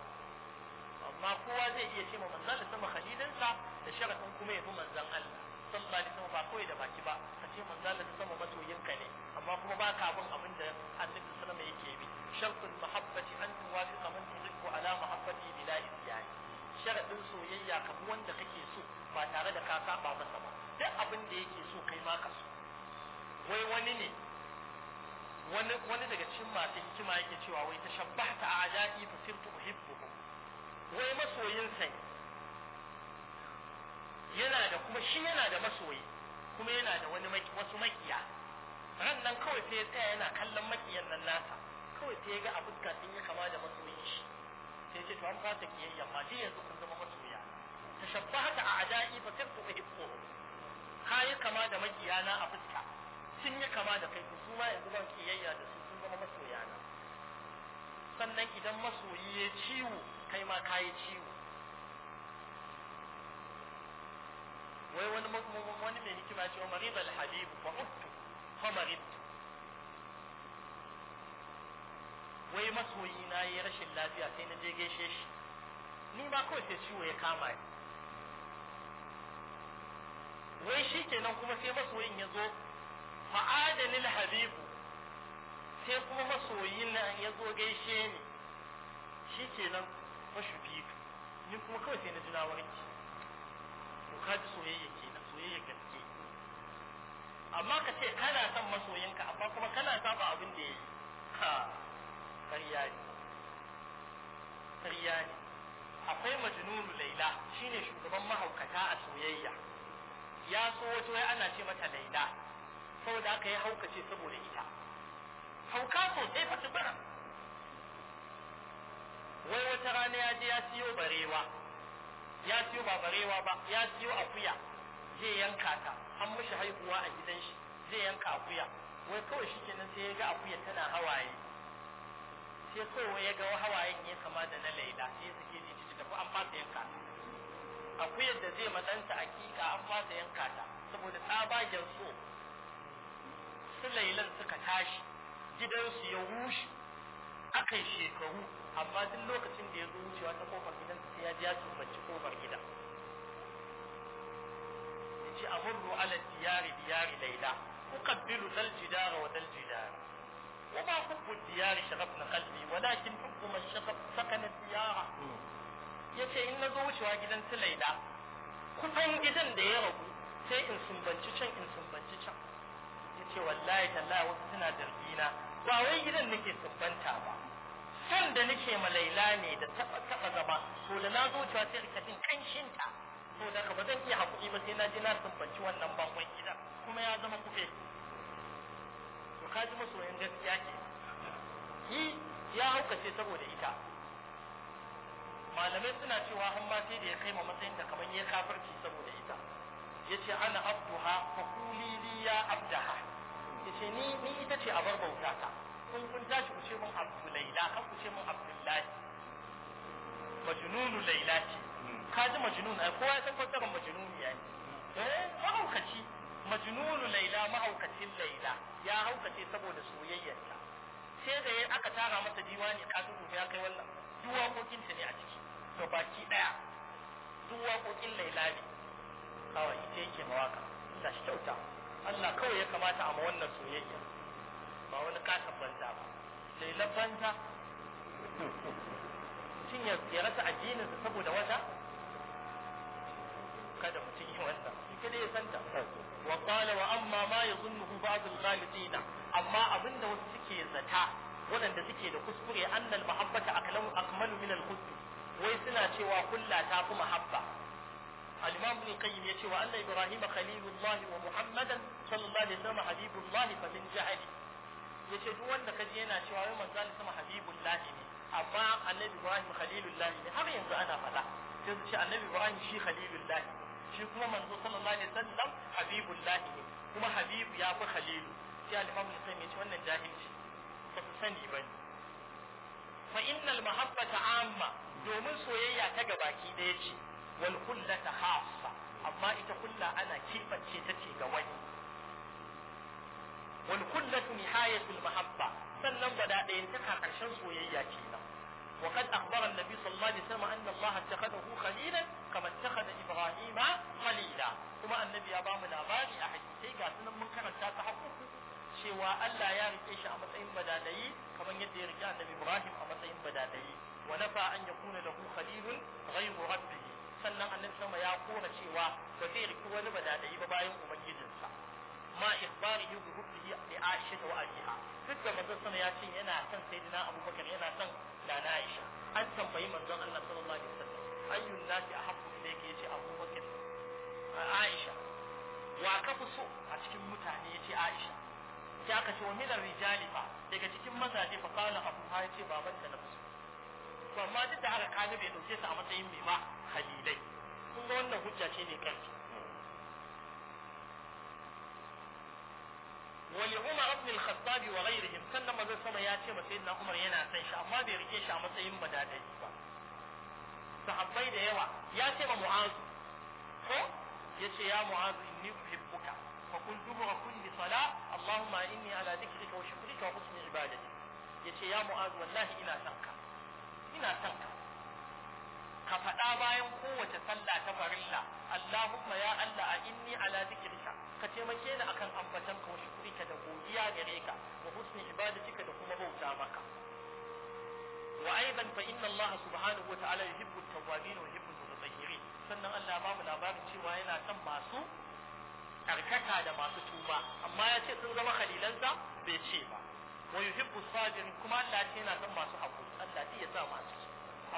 amma kowa zai iya ce ma manzon da sama khalilinsa da sharaɗin kuma ya fi manzon Allah sallallahu alaihi wasallam ba kawai da baki ba ce manzalin sama masoyin ka ne amma kuma ba ka bin abin da annabi sallama yake bi shartul mahabbati an tuwafiqa man tuhibbu ala mahabbati bila isyan sharadin soyayya kamar wanda kake so ba tare da ka saba masa ba duk abin da yake so kai ma ka so wai wani ne wani wani daga cikin masu hikima yake cewa wai shabbata a ajabi fa sirtu uhibbuhum wai masoyin sai yana da kuma shi yana da masoyi kuma yana da wani wasu makiya ran nan kawai sai ya tsaya yana kallon makiyan nan nasa kawai sai ya ga a fuska sun yi kama da masoyin shi sai ya ce to an fasa kiyayya ma sai yanzu kun zama masoya Ta shabba haka a adai fa sirtu ka yi kama da na a fuska sun yi kama da kai su ma yanzu ban kiyayya da su sun zama masoyana sannan idan masoyi ya ciwo kai ma ka yi ciwo wai wani wani mai hikima ce marid al habib fa uttu fa marid wai masoyi na yi rashin lafiya sai na je gaishe shi ni ba kawai sai ciwo ya kama ni wai shi kenan kuma sai masoyin ya zo fa'adalil habibu sai kuma masoyin na ya zo gaishe ni shi kenan shufi ni kuma kawai sai na ji na warki kaji soyayya kenan soyayya gaske amma ka ce kana son masoyinka amma kuma kana saba abin da yi ha karya ne karya ne akwai majnunu laila shine shugaban mahaukata a soyayya ya so wato ya ana ce mata laila saboda aka yi haukace saboda ita hauka sosai fa bara wai wata rana ya je ya siyo barewa ya siyo ba barewa ba ya siyo akuya zai yanka ta an mishi haihuwa a gidan shi zai yanka akuya wai kawai shi kenan sai ya ga akuya tana hawaye sai kawai ya ga hawayen ya kama da na laida sai ya sake ji ci tafi an fasa yanka ta akuyar da zai matsanta akika an fasa yanka ta saboda tsabagen so su lailan suka tashi gidansu ya rushe akan shekaru amma duk lokacin da ya zo wucewa ta kofar gidan sai ya ji ya tumbaci kofar gida a amurru ala diyari diyari laila uqabbilu dal jidara wa dal jidara وما حب الديار شغفنا قلبي ولكن حب من شغف سكن Ya ce in na zo wucewa gidan su Laila, kusan gidan da ya ragu sai in sumbanci can in sumbanci can Ya ce, wallahi tallahi wasu suna zargina ba wai gidan nake sumbanta ba san da nake ma laila ne da taba taba zama to da na zo cewa sai rika jin kanshin ta to da ka bazan zan iya hakuri ba sai na ji na tumbanci wannan bakon gida kuma ya zama kufe to ka ji masoyin gaskiya ke yi ya haukace saboda ita malamai suna cewa har ma sai da ya kai ma matsayin da kamar ya kafirci saboda ita yace ana abduha fa kulili ya abdaha yace ni ni ita ce abar bautata ta kun kun tashi ku ce mun Abdulaila kan ku ce mun Abdullahi majnunu Laila ce hmm. ka ji majnun ai kowa ya san tsaron majnuni yayi eh mahaukaci majnunu Laila mahaukacin Laila ya haukace saboda soyayyarta sai da yayi aka tara masa diwani ka ku ya kai wannan kokin ta ne a ciki to baki daya duwa kokin Laila ne kawai ita yake mawaka Allah shi kyauta Allah kawai ya kamata a ma wannan soyayya ba wani kasan banza ba lailan banza Shin ya rasa addininsa saboda wata kada mutum yi wannan shi kada ya santa wa qala wa amma ma yazunnuhu ba'd al-ghalidina amma abinda wasu suke zata waɗanda suke da kuskure annal mahabbata aklamu akmalu min al-hubb wai suna cewa kulla ta fi mahabba al-imam ibn qayyim yace wa anna ibrahima khalilullah wa muhammadan sallallahu alaihi wasallam habibullah fa min jahili yace duk wanda kaji yana cewa yau manzo Allah sama habibullahi ne amma annabi Ibrahim khalilullahi ne har yanzu ana fada sai su ce annabi Ibrahim shi khalilullahi shi kuma manzo sallallahu alaihi wasallam habibullahi ne kuma habibu ya fi khalilu sai al-imam Muslim yace wannan jahilci ba su sani bane fa innal mahabbata amma domin soyayya ta gabaki daya ce wal kullata khassa amma ita kulla ana kifance ta ce ga wani wal kullatu nihayatul mahabba sannan bada ɗayan ta karshen soyayya kenan wa kad akhbara annabi sallallahu alaihi wasallam anna Allah takhadahu khalilan kama takhada Ibrahim khalila kuma annabi ya bamu labari a hadisi ga sunan mun karanta ta hakku cewa Allah ya rike shi a matsayin badadayi kamar yadda ya rike annabi Ibrahim a matsayin badadayi wa nafa an yakuna lahu khalilun ghayru rabbihi sannan annabi sama ya kora cewa ba zai riki wani badadayi ba bayan ubangiji ma ikhbarihi bi hubbihi li Aisha wa abiha duk da manzon sama ya ce yana son sayyidina Abubakar yana son dana Aisha an tambayi manzon Allah sallallahu alaihi wasallam ayyun nasi ahabbu ilayka yace Abubakar Aisha wa ka fi so a cikin mutane yace Aisha sai aka ce wa minar rijali daga cikin mazaje fa kana abu ha yace baban da na fi so to amma aka dauke sa a matsayin halilai wannan hujja ce ne kanki Wani Umar ولعمر بن الخطاب وغيرهم sannan ما sama ya ce ما سيدنا عمر ينا سن شي amma bai rike shi a matsayin madadai ba sahabbai da yawa ya ce ma mu'azu ko ya ce ya mu'azu inni uhibbuka fa kun dubura kulli sala allahumma inni ala dhikrika wa shukrika wa husni ibadati yace ya mu'azu wallahi ina son ka ina son ka ka faɗa bayan kowace sallah ta farilla allahumma ya allah a inni ala dhikrika ka taimake ni akan ambatan ka wa shukrika da godiya gare ka wa husni ibadatika da kuma bauta maka wa aidan fa inna Allah subhanahu wa ta'ala yuhibbu at-tawwabin wa yuhibbu al-mutatahhirin sannan Allah ba mu labarin cewa yana son masu karkata da masu tuba amma ya ce sun zama khalilansa bai ce ba wa yuhibbu as-sabirin kuma Allah ce yana son masu hakuri Allah ya sa masu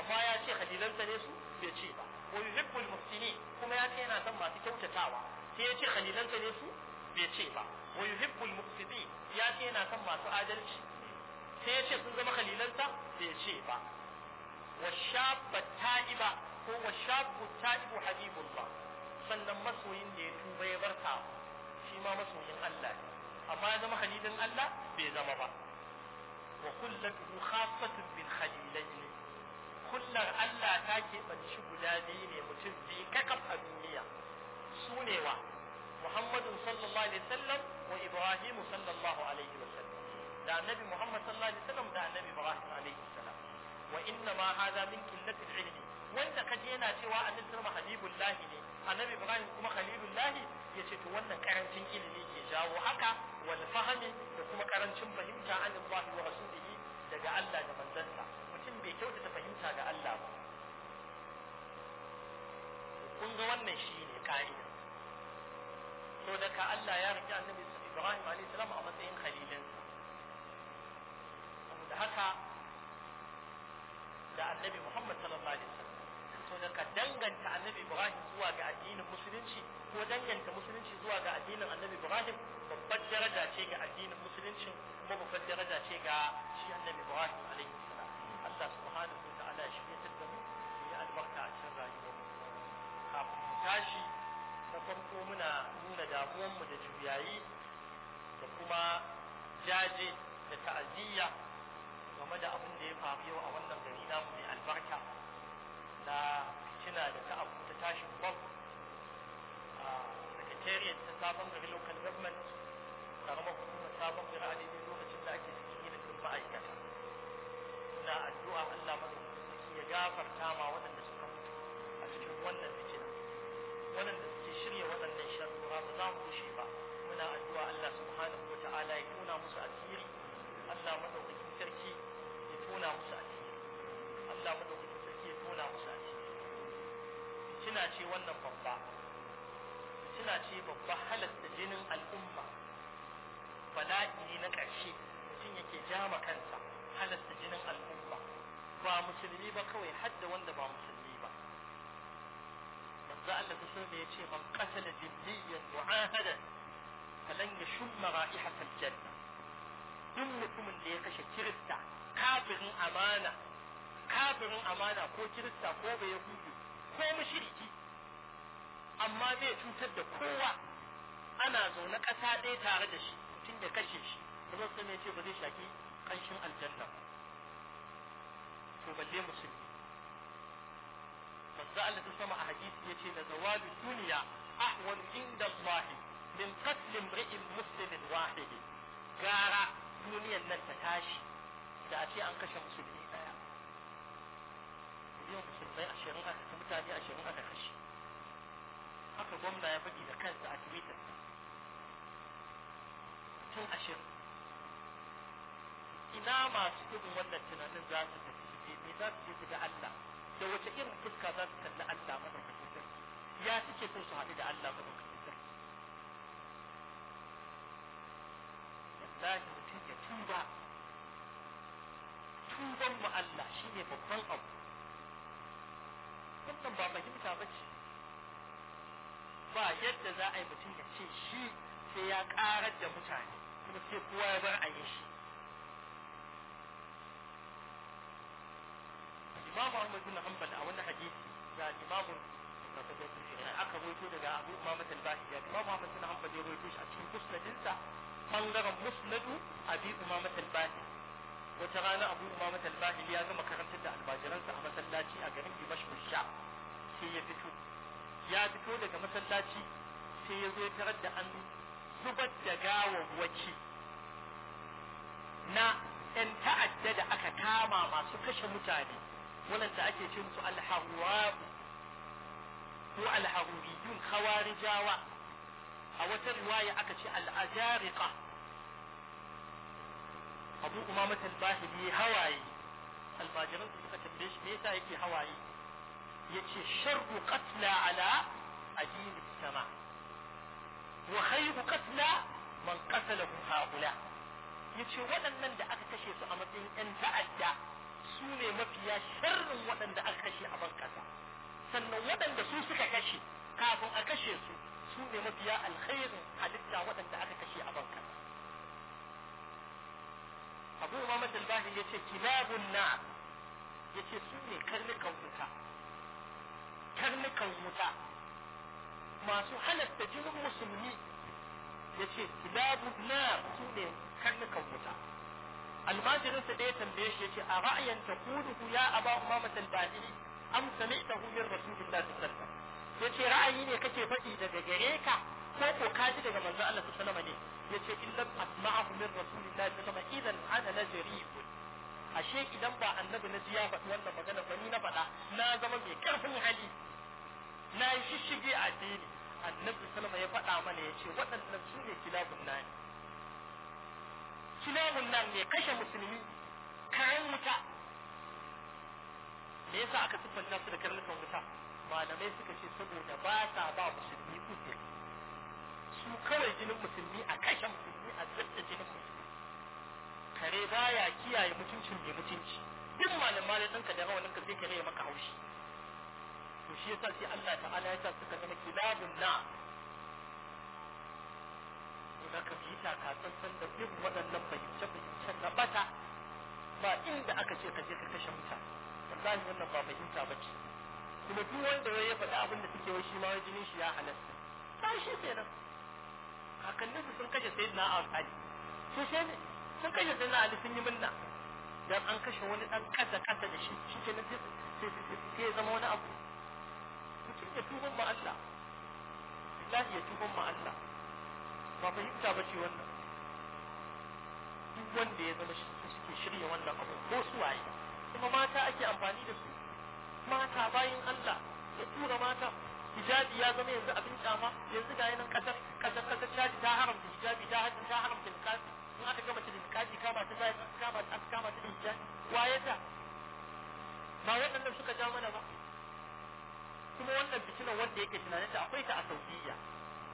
amma ya ce khalilansa ne su bai ce ba wa yuhibbu al-muhsinin kuma ya ce yana son masu kyautatawa sai ya ce khalilanka ne su bai ce ba wa yuhibbul muqsitin ya ce yana son masu adalci sai ya ce sun zama khalilanta bai ce ba wa shabba ta'iba ko wa shabbu ta'ibu ba sannan masoyin da ya tuba ya barka shi ma masoyin Allah ne amma ya zama khalilin Allah bai zama ba wa kullatuhu khassatun bil khalilaini kullar Allah ta ke banci guda biyu ne mutum biyu kakaf a duniya su ne wa muhammadun sallallahu alaihi wasallam wa ibrahimu sallallahu alaihi wasallam da annabi muhammad sallallahu alaihi wasallam da annabi ibrahim alaihi salam wa inna ma hada min qillatil ilmi wanda kaje yana cewa annabi sallama halibullahi ne annabi ibrahim kuma khalilullahi yace to wannan karancin ilimi ke jawo haka wal fahmi da kuma karancin fahimta an Allah wa rasulihi daga Allah da manzansa mutum bai kyautata fahimta ga Allah ba kun ga wannan shine ka'ida so daga Allah ya rike annabi Ibrahim alaihi salam a matsayin khalilinsa saboda haka da annabi Muhammad sallallahu alaihi wasallam so daga danganta annabi Ibrahim zuwa ga addinin musulunci ko danganta musulunci zuwa ga addinin annabi Ibrahim babbar daraja ce ga addinin musulunci kuma babbar daraja ce ga shi annabi Ibrahim alaihi salam Allah subhanahu wa ta'ala shi ya tattabu ya albarka a cikin rayuwar kafin tashi na farko muna nuna damuwanmu da juyayi da kuma jaje da ta'aziyya game da abin da ya faru yau a wannan gari namu mai albarka na fitina da ta abu ta tashin bom a secretariat ta sabon gari local government karamar hukumar sabon gari a lokacin da ake cikin ilimin ma'aikata na addu'a Allah madaukakin ya gafarta ma waɗanda suka mutu a cikin wannan fitina waɗanda suke shirya waɗannan sharruwa ba za mu kushe ba muna addu'a Allah subhanahu wa ta'ala ya tona musu asiri Allah madaukakin sarki ya tona musu asiri Allah madaukakin sarki ya tona musu asiri tuna ce wannan babba tuna ce babba halatta jinin al'umma bala'i ne na ƙarshe mutum yake jama kansa halatta jinin al'umma ba musulmi ba kawai hadda wanda ba musulmi manzo Allah ta sani ya ce man qatala jinniyan mu'ahadan falan yashumma ra'ihata aljanna duk mutumin da ya kashe kirista kafirin amana kafirin amana ko kirista ko bai yahudi ko mushriki amma zai cutar da kowa ana zaune ƙasa ɗaya tare da shi tun da kashe shi manzo sani ce ba zai shaki kanshin aljanna to balle musulmi manzo Allah ta sama a hadisi yace la zawalu dunya ahwan inda Allah min qatl imri'in muslimin wahid gara duniyan nan ta tashi da a ce an kashe musulmi daya yau musulmai ashirin aka ta mutane ashirin aka kashe haka gwamna ya faɗi da kansa a twitter tun ashirin ina masu irin wannan tunanin za su tafi su je me za su je su ga Allah da wace irin fuska za su kalli Allah madaukakin sarki ya suke so su haɗu da Allah madaukakin sarki wallahi mutum ya tuba tuban mu Allah shine babban abu wannan ba fahimta ba ce ba yadda za a yi mutum ya ce shi sai ya ƙarar da mutane kuma sai kowa ya bar a yi shi imam Ahmad bin Hanbal a wannan hadisi ga imam aka rawaito daga Abu Umama al-Bahili ya imam Ahmad bin Hanbal ya rawaito shi a cikin musnadin sa bangaren musnadu Abi Umama al-Bahili wata rana Abu Umama al-Bahili ya gama karantar da albajiransa a masallaci a garin Dimashq sha sai ya fito ya fito daga masallaci sai ya zo tarar da an zubar da gawawwaki na 'yan ta'adda da aka kama masu kashe mutane waɗanda ake ce musu alhawa'u ko alhawuriyun khawarijawa a wata riwaya aka ce al'ajariqa abu umamat al-bahili hawaye almajiran su suka tambaye shi me yasa yake hawaye yace sharru qatla ala ajin sama wa khayru qatla man qatalahu haula yace waɗannan da aka kashe su a matsayin 'yan ta'adda su ne mafiya sharrin waɗanda aka kashe a ban sannan waɗanda su suka kashe kafin a kashe su su ne mafiya alkhairin halitta waɗanda aka kashe a ban ƙasa abu umama talbahi ya ce kilabun na ya ce su ne karnukan wuta karnukan wuta masu halatta jinin musulmi ya ce kilabun na su ne karnukan wuta almajirinsa da ya tambaye shi yace a ra'ayan taquluhu ya aba umama al-bahili am sami'tahu min rasulillah sallallahu alaihi wasallam yace ra'ayi ne kake faɗi daga gare ka ko ko ka ji daga manzo Allah sallallahu alaihi wasallam ne yace in lam asma'ahu min rasulillah sallallahu alaihi wasallam idan ana najrib ashe idan ba annabi na ji ya faɗi wannan magana ba ni na faɗa na zama mai karfin hali na yi shishige a addini annabi sallallahu alaihi wasallam ya faɗa mana yace waɗannan su ne kilabun nani silahun nan mai kashe musulmi karen wuta me yasa aka siffanta su da karnukan wuta malamai suka ce saboda ba sa ba musulmi kuke su kawai jinin musulmi a kashe musulmi a tsirta jinin musulmi kare baya kiyaye mutuncin mai mutunci duk malamai ɗanka da rawanin ka zai kare maka haushi to shi yasa sai Allah ta'ala ya sa suka zama kilabun na ta ka yi san da bin waɗannan fahimce fahimce na bata ba inda aka ce ka je ka kashe mutane wallahi wannan ba fahimta ba ce kuma duk wanda ya faɗi abin da suke wai shi ma jinin shi ya halasta ba shi nan kakannin su sun kashe sayyidina Ali su sai ne sun kashe sayyidina Ali sun yi minna dan an kashe wani dan kasa kasa da shi shi ke nan sai zama wani abu mutum ya tuban ma Allah Allah ya tuban ma Allah ba fahimta ba ce wannan duk wanda ya zama shi suke shirya wannan abu ko su waye kuma mata ake amfani da su mata bayan Allah ya tura mata hijabi ya zama yanzu abin kyama yanzu ga yanan kasar kasar kasar shaji ta haramta hijabi ta haramta ta haramta niqabi in aka gama ta niqabi kama ta zai kama ta kama ta hijabi ta ba waɗannan suka ja mana ba kuma wannan fitinan wanda yake tunanin ta akwai ta a saudiya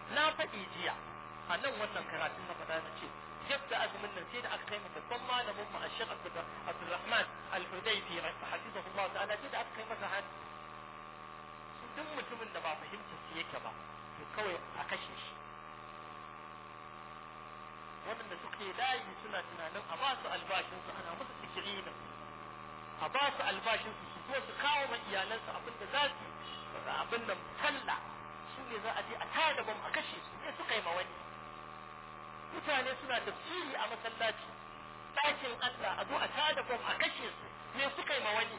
na faɗi jiya a nan wannan karatun na faɗa na ce yadda azumin nan sai da aka kai mu babban malamin mu a Sheikh Abdulrahman Al-Hudayfi hafizahullah ta'ala sai da aka kai masa hannu duk mutumin da ba fahimta su yake ba to kawai a kashe shi waɗanda suke layi suna tunanin a ba su albashinsu ana musu sikiri a ba su albashinsu su zo su kawo ma iyalansu abin da za su abin nan talla su ne za a je a tada bam a kashe su sai suka yi ma wani mutane suna tafsiri a masallaci ɗakin Allah a zo a tada bom a kashe su me suka yi ma wani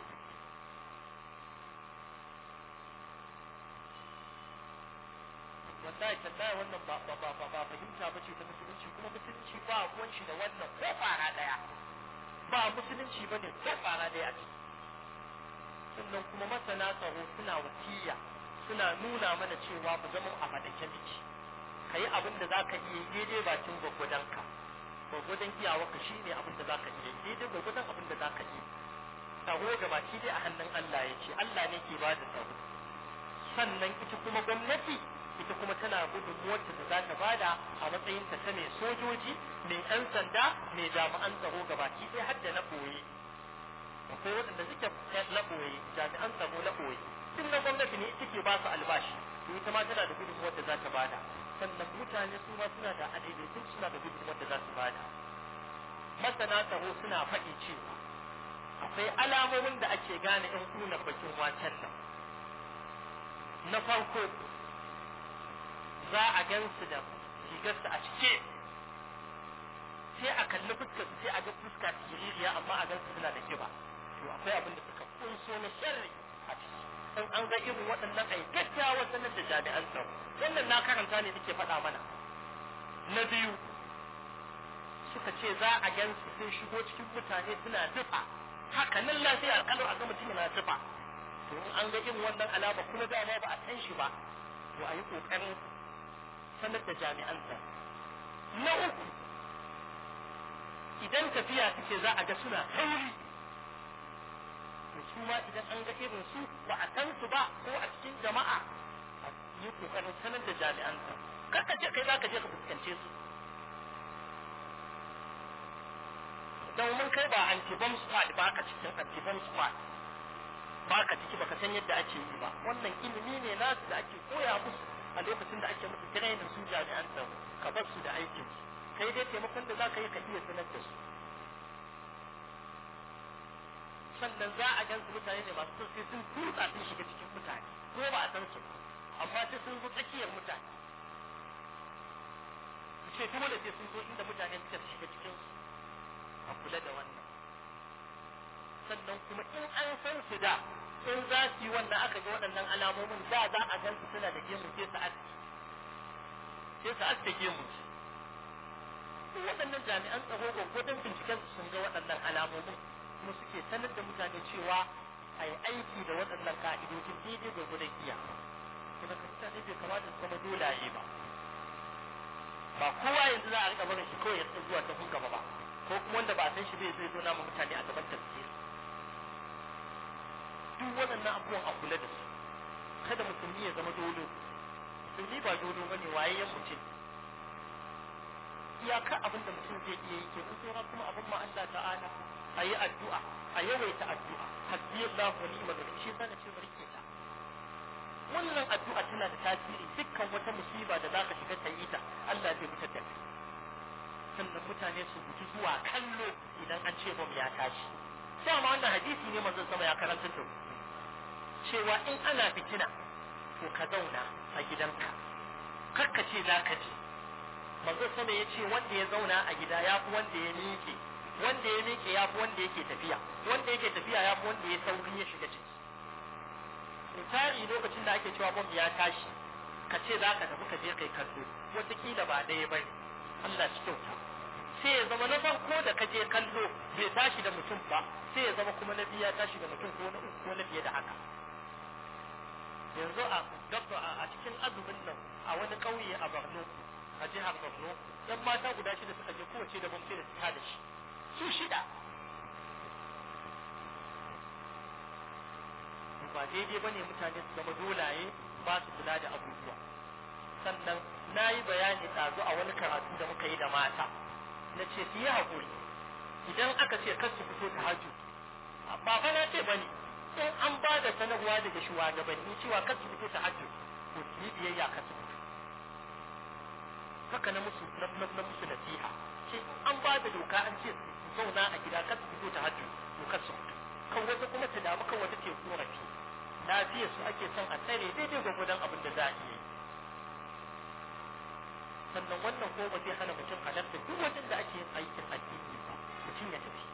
wallahi tallaya wannan ba ba ba ba fahimta ba ce ta musulunci kuma musulunci ba ruwan shi da wannan ko fara daya ba musulunci bane ko fara daya ce sannan kuma masana tsaro suna wasiya suna nuna mana cewa mu zama a madake biki. ka yi abin da za ka iya daidai bakin gwagwadon ka gwagwadon iyawarka shi ne abin da za ka iya daidai gwagwadon abin da za ka iya tsaro ga baki dai a hannun Allah ya ce Allah ne ke ba da tsaro sannan ita kuma gwamnati ita kuma tana gudun mota da za ta bada a matsayin ta mai sojoji mai yan sanda mai jami'an tsaro ga baki dai har da na ɓoye akwai waɗanda suke na ɓoye jami'an tsaro na ɓoye tun na gwamnati ne ita ke ba su albashi to ita ma tana da gudun da za ta bada sannan mutane su ma suna da adaidaitun suna da gudunmar da za su bada masana tsaro suna faɗi cewa akwai alamomin da ake gane in kuna bakin waken nan na farko za a gan su da rigarsu a cike sai a kalli fuskar sai a ga fuska siririya amma a gan su suna da kiba to akwai abin da suka kunso na sharri In an ga irin waɗannan ai gaskiya sanar da jami'an tsaro wannan na karanta ne nake faɗa mana na biyu suka ce za a gansu sun shigo cikin mutane suna dufa haka nan lafiya alƙalau a ga mutum yana dufa to in an ga irin wannan alama kuma dama ba a san shi ba to a yi ƙoƙarin sanar da jami'an tsaro na uku idan tafiya suke za a ga suna sauri su ma idan an ga irin su ba a san su ba ko a cikin jama'a a yi kokarin sanar da jami'an ka kar ka je kai za ka je ka fuskance su domin kai ba bomb squad ba ka cikin bomb squad ba ka ciki ba ka san yadda ake yi ba wannan ilimi ne nasu da ake koya musu a lokacin da ake musu training su jami'an tsaro ka bar su da aikin kai dai taimakon da za ka yi ka iya sanar da su sannan za a gansu mutane ne masu son sai sun turta sun shiga cikin mutane ko ba a san su amma sai sun zo tsakiyar mutane su ce da sai sun zo inda mutane suka shiga cikin su a kula da wannan sannan kuma in an san su da in za su yi wannan aka ga waɗannan alamomin da za a gansu suna da gemu sai su aski sai su aske gemu waɗannan jami'an tsaro gwaggwadon binciken sun ga waɗannan alamomin kuma suke sanar da mutane cewa a yi aiki da waɗannan ka'idojin daidai gwargwadon iya kuma ka mutane bai kamata su zama dolaye ba ba kowa yanzu za a riƙa barin shi kawai ya tsaye zuwa ta gaba ba ko kuma wanda ba san shi bai zai zo na mutane a gaban tafsir duk waɗannan abubuwan a kula da su kada musulmi ya zama dolo musulmi ba dolo ne, waye ya mutum iyaka abin da mutum zai iya yi ke kuma abin ma Allah ta'ala a yi addu'a a yawaita addu'a hasbi Allah wa ni'mal shi sana barke ta wannan addu'a tana da tasiri dukkan wata musiba da zaka shiga ta yi ta Allah zai fitar da kai sannan mutane su guji zuwa kallo idan an ce bom ya tashi amma wannan hadisi ne manzon sama ya karanta to cewa in ana fitina to ka zauna a gidanka ka, ce zaka ji manzon sama ya ce wanda ya zauna a gida ya fi wanda ya miƙe wanda ya miƙe ya fi wanda yake tafiya wanda yake tafiya ya fi wanda ya sauri ya shiga ciki misali lokacin da ake cewa bom ya tashi ka ce za ka tafi ka je kai kallo watakila ba ɗaya ba Allah shi kyauta sai ya zama na farko da ka je kallo bai tashi da mutum ba sai ya zama kuma na biya ya tashi da mutum ko na uku ko na fiye da haka yanzu a dabba a cikin azumin nan a wani ƙauye a Borno a jihar Borno yan mata guda shida suka je kowace da bom sai da ta da shi su shida ba daidai ba ne mutane su zama dolaye ba su kula da abubuwa sannan na yi bayani ɗazu a wani karatu da muka yi da mata na ce su yi haƙuri idan aka ce kar su fito ta hajju ba fa na ce ba ne in an ba da sanarwa daga shugabanni cewa kar su fito ta hajju ko su yi biyayya kar su fito haka na musu na musu nasiha ce an ba da doka an ce su zauna a gida kan fito ta haddu to kar su kan wasu kuma ta damu kan wata teku korafi lafiya su ake son a tsare daidai gwagwadon abin da za a iya yi sannan wannan ko ba zai hana mutum halarta duk wajen da ake yin aikin addini ba mutum ya tafi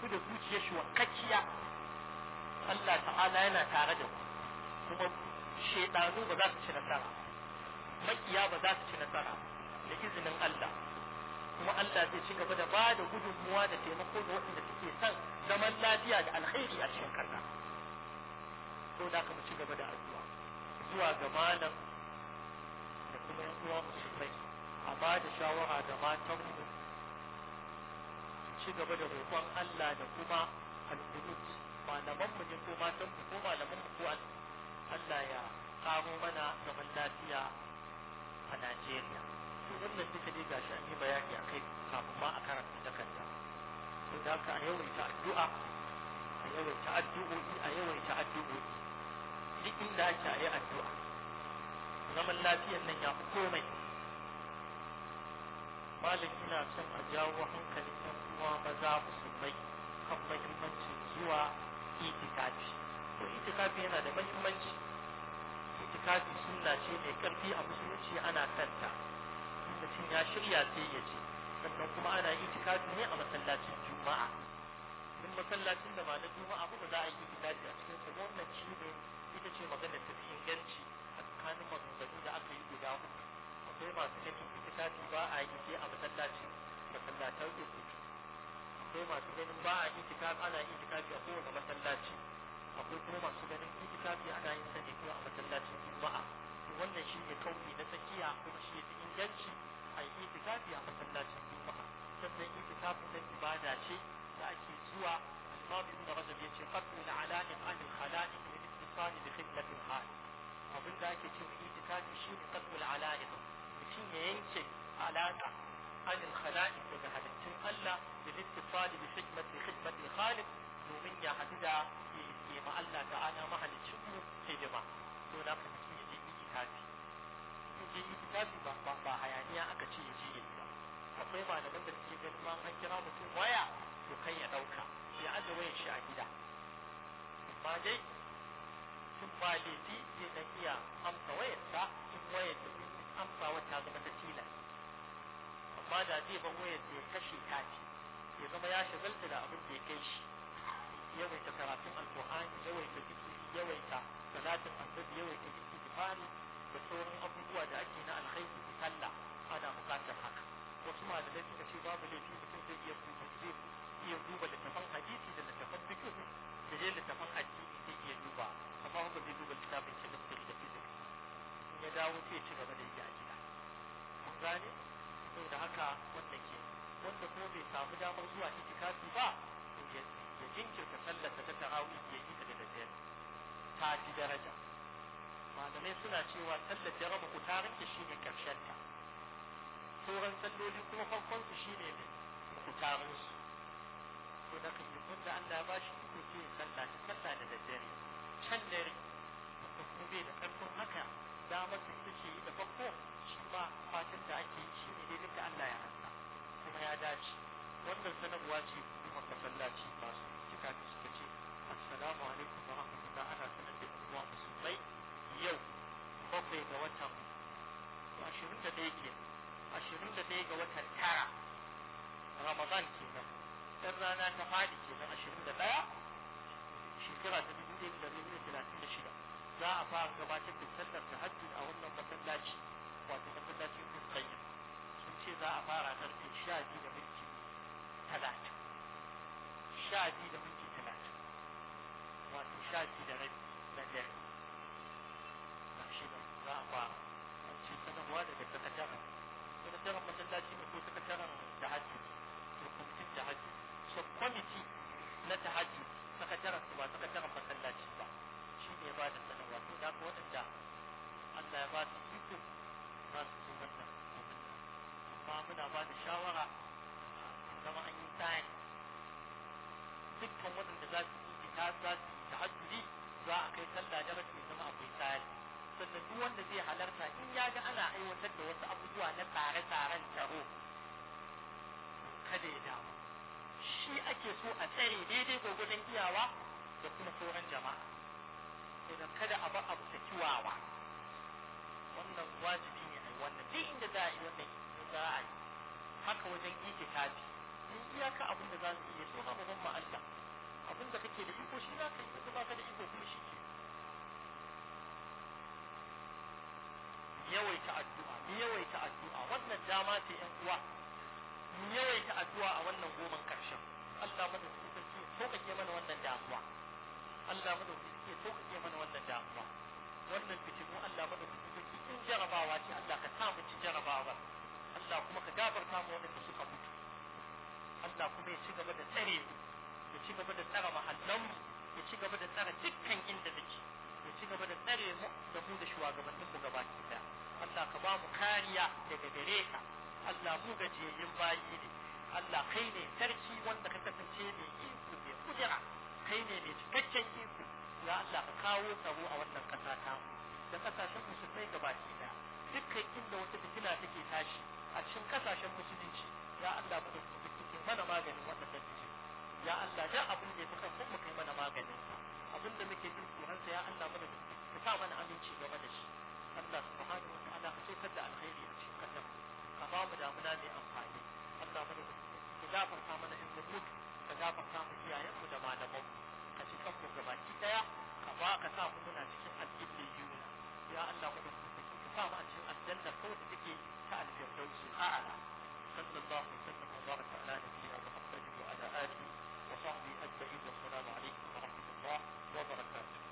ku da zuciyar shi wakakkiya Allah ta'ala yana tare da ku kuma shedanu ba za su ci nasara makiya ba za su ci nasara da izinin Allah kuma Allah zai ci gaba da ba da gudunmuwa da taimako ga waɗanda suke son zaman lafiya da alkhairi a cikin ƙasa to da ka mu ci gaba da addu'a zuwa ga malam da kuma yan uwa musulmai a ba da shawara ga matan mu ci gaba da roƙon Allah da kuma al-qunut malaman mu ne ko matan mu ko malaman mu ko Allah ya karo mana zaman lafiya a Najeriya karanta shi an bayani a kai kafin ma a karanta takarda to da haka a yawaita addu'a a yawaita addu'o'i a yawaita addu'o'i duk inda ake a yi addu'a zaman lafiyar nan ya fi komai malam ina son a jawo hankali yan uwa maza musulmai kan mahimmancin zuwa itikafi to itikafi yana da mahimmanci itikafi sunna ce mai karfi a musulunci ana kanta lokacin ya shirya sai ya ce sannan kuma ana itikafi ne a masallacin juma'a duk masallacin da ba na juma'a ba ba za a yi itikafi a cikin sa wannan shi ne ita ce magana ta fi inganci a tsakanin maganganu da aka yi guda uku akwai masu ganin itikafi ba a yi sai a masallacin masallatan uku akwai masu ganin ba a itikafi ana itikafi a kowane masallaci akwai kuma masu ganin itikafi ana yin sa ne a masallacin juma'a wannan shi ne kauli na tsakiya kuma shi ne inganci a yi itikafi a masallacin juma'a sannan itikafin nan ibada ce da ake zuwa imam ibn rajab yace qatlu al'alani an al-khalaiq min ittisal bi khidmat al-khali abin da ake cewa itikafi shine qatlu al'alani mutum ya yanke alaka an al-khalaiq daga halittun Allah bi ittisal bi khidmat khidmat al-khaliq domin ya hadu da ya yi ma Allah ta'ala mahaliccin mu hidima to da ka mutum ya je itikafi je yi littafi ba ba hayaniya aka ce ya je ba akwai malaman da suke ganin ma an kira mutum waya to kan ya ɗauka ya aje wayan shi a gida amma dai tun ba laifi zai ɗan iya amsa wayarsa tun wayar da amsa wata zama ta tilas amma da zai ban wayar da ya kashe tashi ya zama ya shagalta da abin da ya kai shi yawaita karatun alƙur'ani yawaita zikiri yawaita salatin annabi yawaita zikiri fari da sauran abubuwa da ake na alkhairi sallah ana bukatar haka wasu malamai suka ce babu laifi mutum zai iya zai iya duba littafan hadisi da littafan fiqh da dai littafan addini zai iya duba amma ba zai duba littafin chemistry da physics in ya dawo sai ci gaba da yi a gida mun gane da haka wanda ke wanda kuma bai samu damar zuwa itikafi ba ya jinkirta sallar ta tarawih ya yi ta da daddare ta ji daraja malamai suna cewa sallar jaraba ku tarin ta shine karshen ta sauran salloli kuma farkon su shine ne ku tarin su to da kan kun da Allah ba shi ku ce sallah ta sallah da daddare can dare da kuma da karfin haka damar ba su yi da farko shi ba fatan da ake yi shi ne dai duka Allah ya hasa kuma ya dace wannan sanarwa ce kuma sallaci masu cika suka ce assalamu alaikum wa rahmatullah ana sanar da kuma musulmai yau bakwai ga watan ashirin da ɗaya ke ashirin da ɗaya ga watan tara ramadan kenan ɗan rana ta fadi nan ashirin da ɗaya shekara ta dubu ɗaya da dubu talatin da shida za a fara gabatar da sallar ta hajji a wannan masallaci wato masallacin kuskayen sun ce za a fara karfe sha biyu da minti talatin sha biyu da minti talatin wato sha biyu da rabi na dare za a fara an ce sanarwa daga sakataren sakataren masallaci ne ko sakataren tahajjud to kwamitin tahajjud so kwamiti na tahajjud sakataren su ba sakataren masallaci ba shi ne ba da sanarwa to da waɗanda Allah ya ba su iko za su ci wannan amma muna ba da shawara zama an yi tsayin dukkan waɗanda za su yi ta za su yi tahajjudi za a kai sallah da rashin zama akwai tsayin wanda zai halarta in ya ga ana aiwatar da wasu abubuwa na tsare-tsaren taro. kada ya damu shi ake so a tsare daidai gwagwadon iyawa da kuma sauran jama'a idan kada a ba abu ta kiwawa wannan wajibi ne a yi wannan duk inda za a yi wannan za a yi haka wajen tafi in iyaka abin da za su iya so na mu Allah abin da kake da iko shi za ka yi kuma ka da iko kuma shi ke yawaita addu'a mu yawaita addu'a wannan dama ce yan uwa mu yawaita addu'a a wannan goman karshen Allah su sarki ce sauƙaƙe mana wannan damuwa Allah su sarki ce sauƙaƙe mana wannan damuwa wannan fitinu Allah madaukakin ce in jarabawa ce Allah ka sa mu ci jarabawa. Allah kuma ka gafarta mu waɗanda suka mutu Allah kuma ya ci gaba da tsare ya ci gaba da mahallan mu ya ci gaba da tsare dukkan inda muke ya ci gaba da tsare mu da mu da shugabannin mu gabaki daya Allah ka ba mu kariya daga gare ka Allah mu gajiyayyen bayi ne Allah kai ne sarki wanda ka kasance mai iko mai kudura kai ne mai cikakken iko ya Allah ka kawo tsaro a wannan kasa ta da ƙasashen musulmai ki da dukkan inda wata fitina take tashi a cikin ƙasashen musulunci ya Allah mu da kuke mana maganin wannan fitina ya Allah da abin da ya fi mu kai mana maganin sa abin da muke jin tsoron sa ya Allah mana ka sa mana aminci game da shi Allah subhanahu wa Allah ka saukar da alkhairi a cikin kasar ka ba mu damuna mai amfani Allah mu ka gafarta mana in mu mutu ka gafarta mu iyayenmu da malaman ka ci kanku gabaki daya ka ba ka sa mu muna cikin alƙibli yuna ya Allah mu ka sa mu a cikin aljanna ko da take ta alfirdausi a'ala sallallahu alaihi wa sallam wa baraka ala nabiyyina Muhammad wa ala alihi wa sahbihi ajma'in wa assalamu alaikum wa rahmatullahi wa barakatuh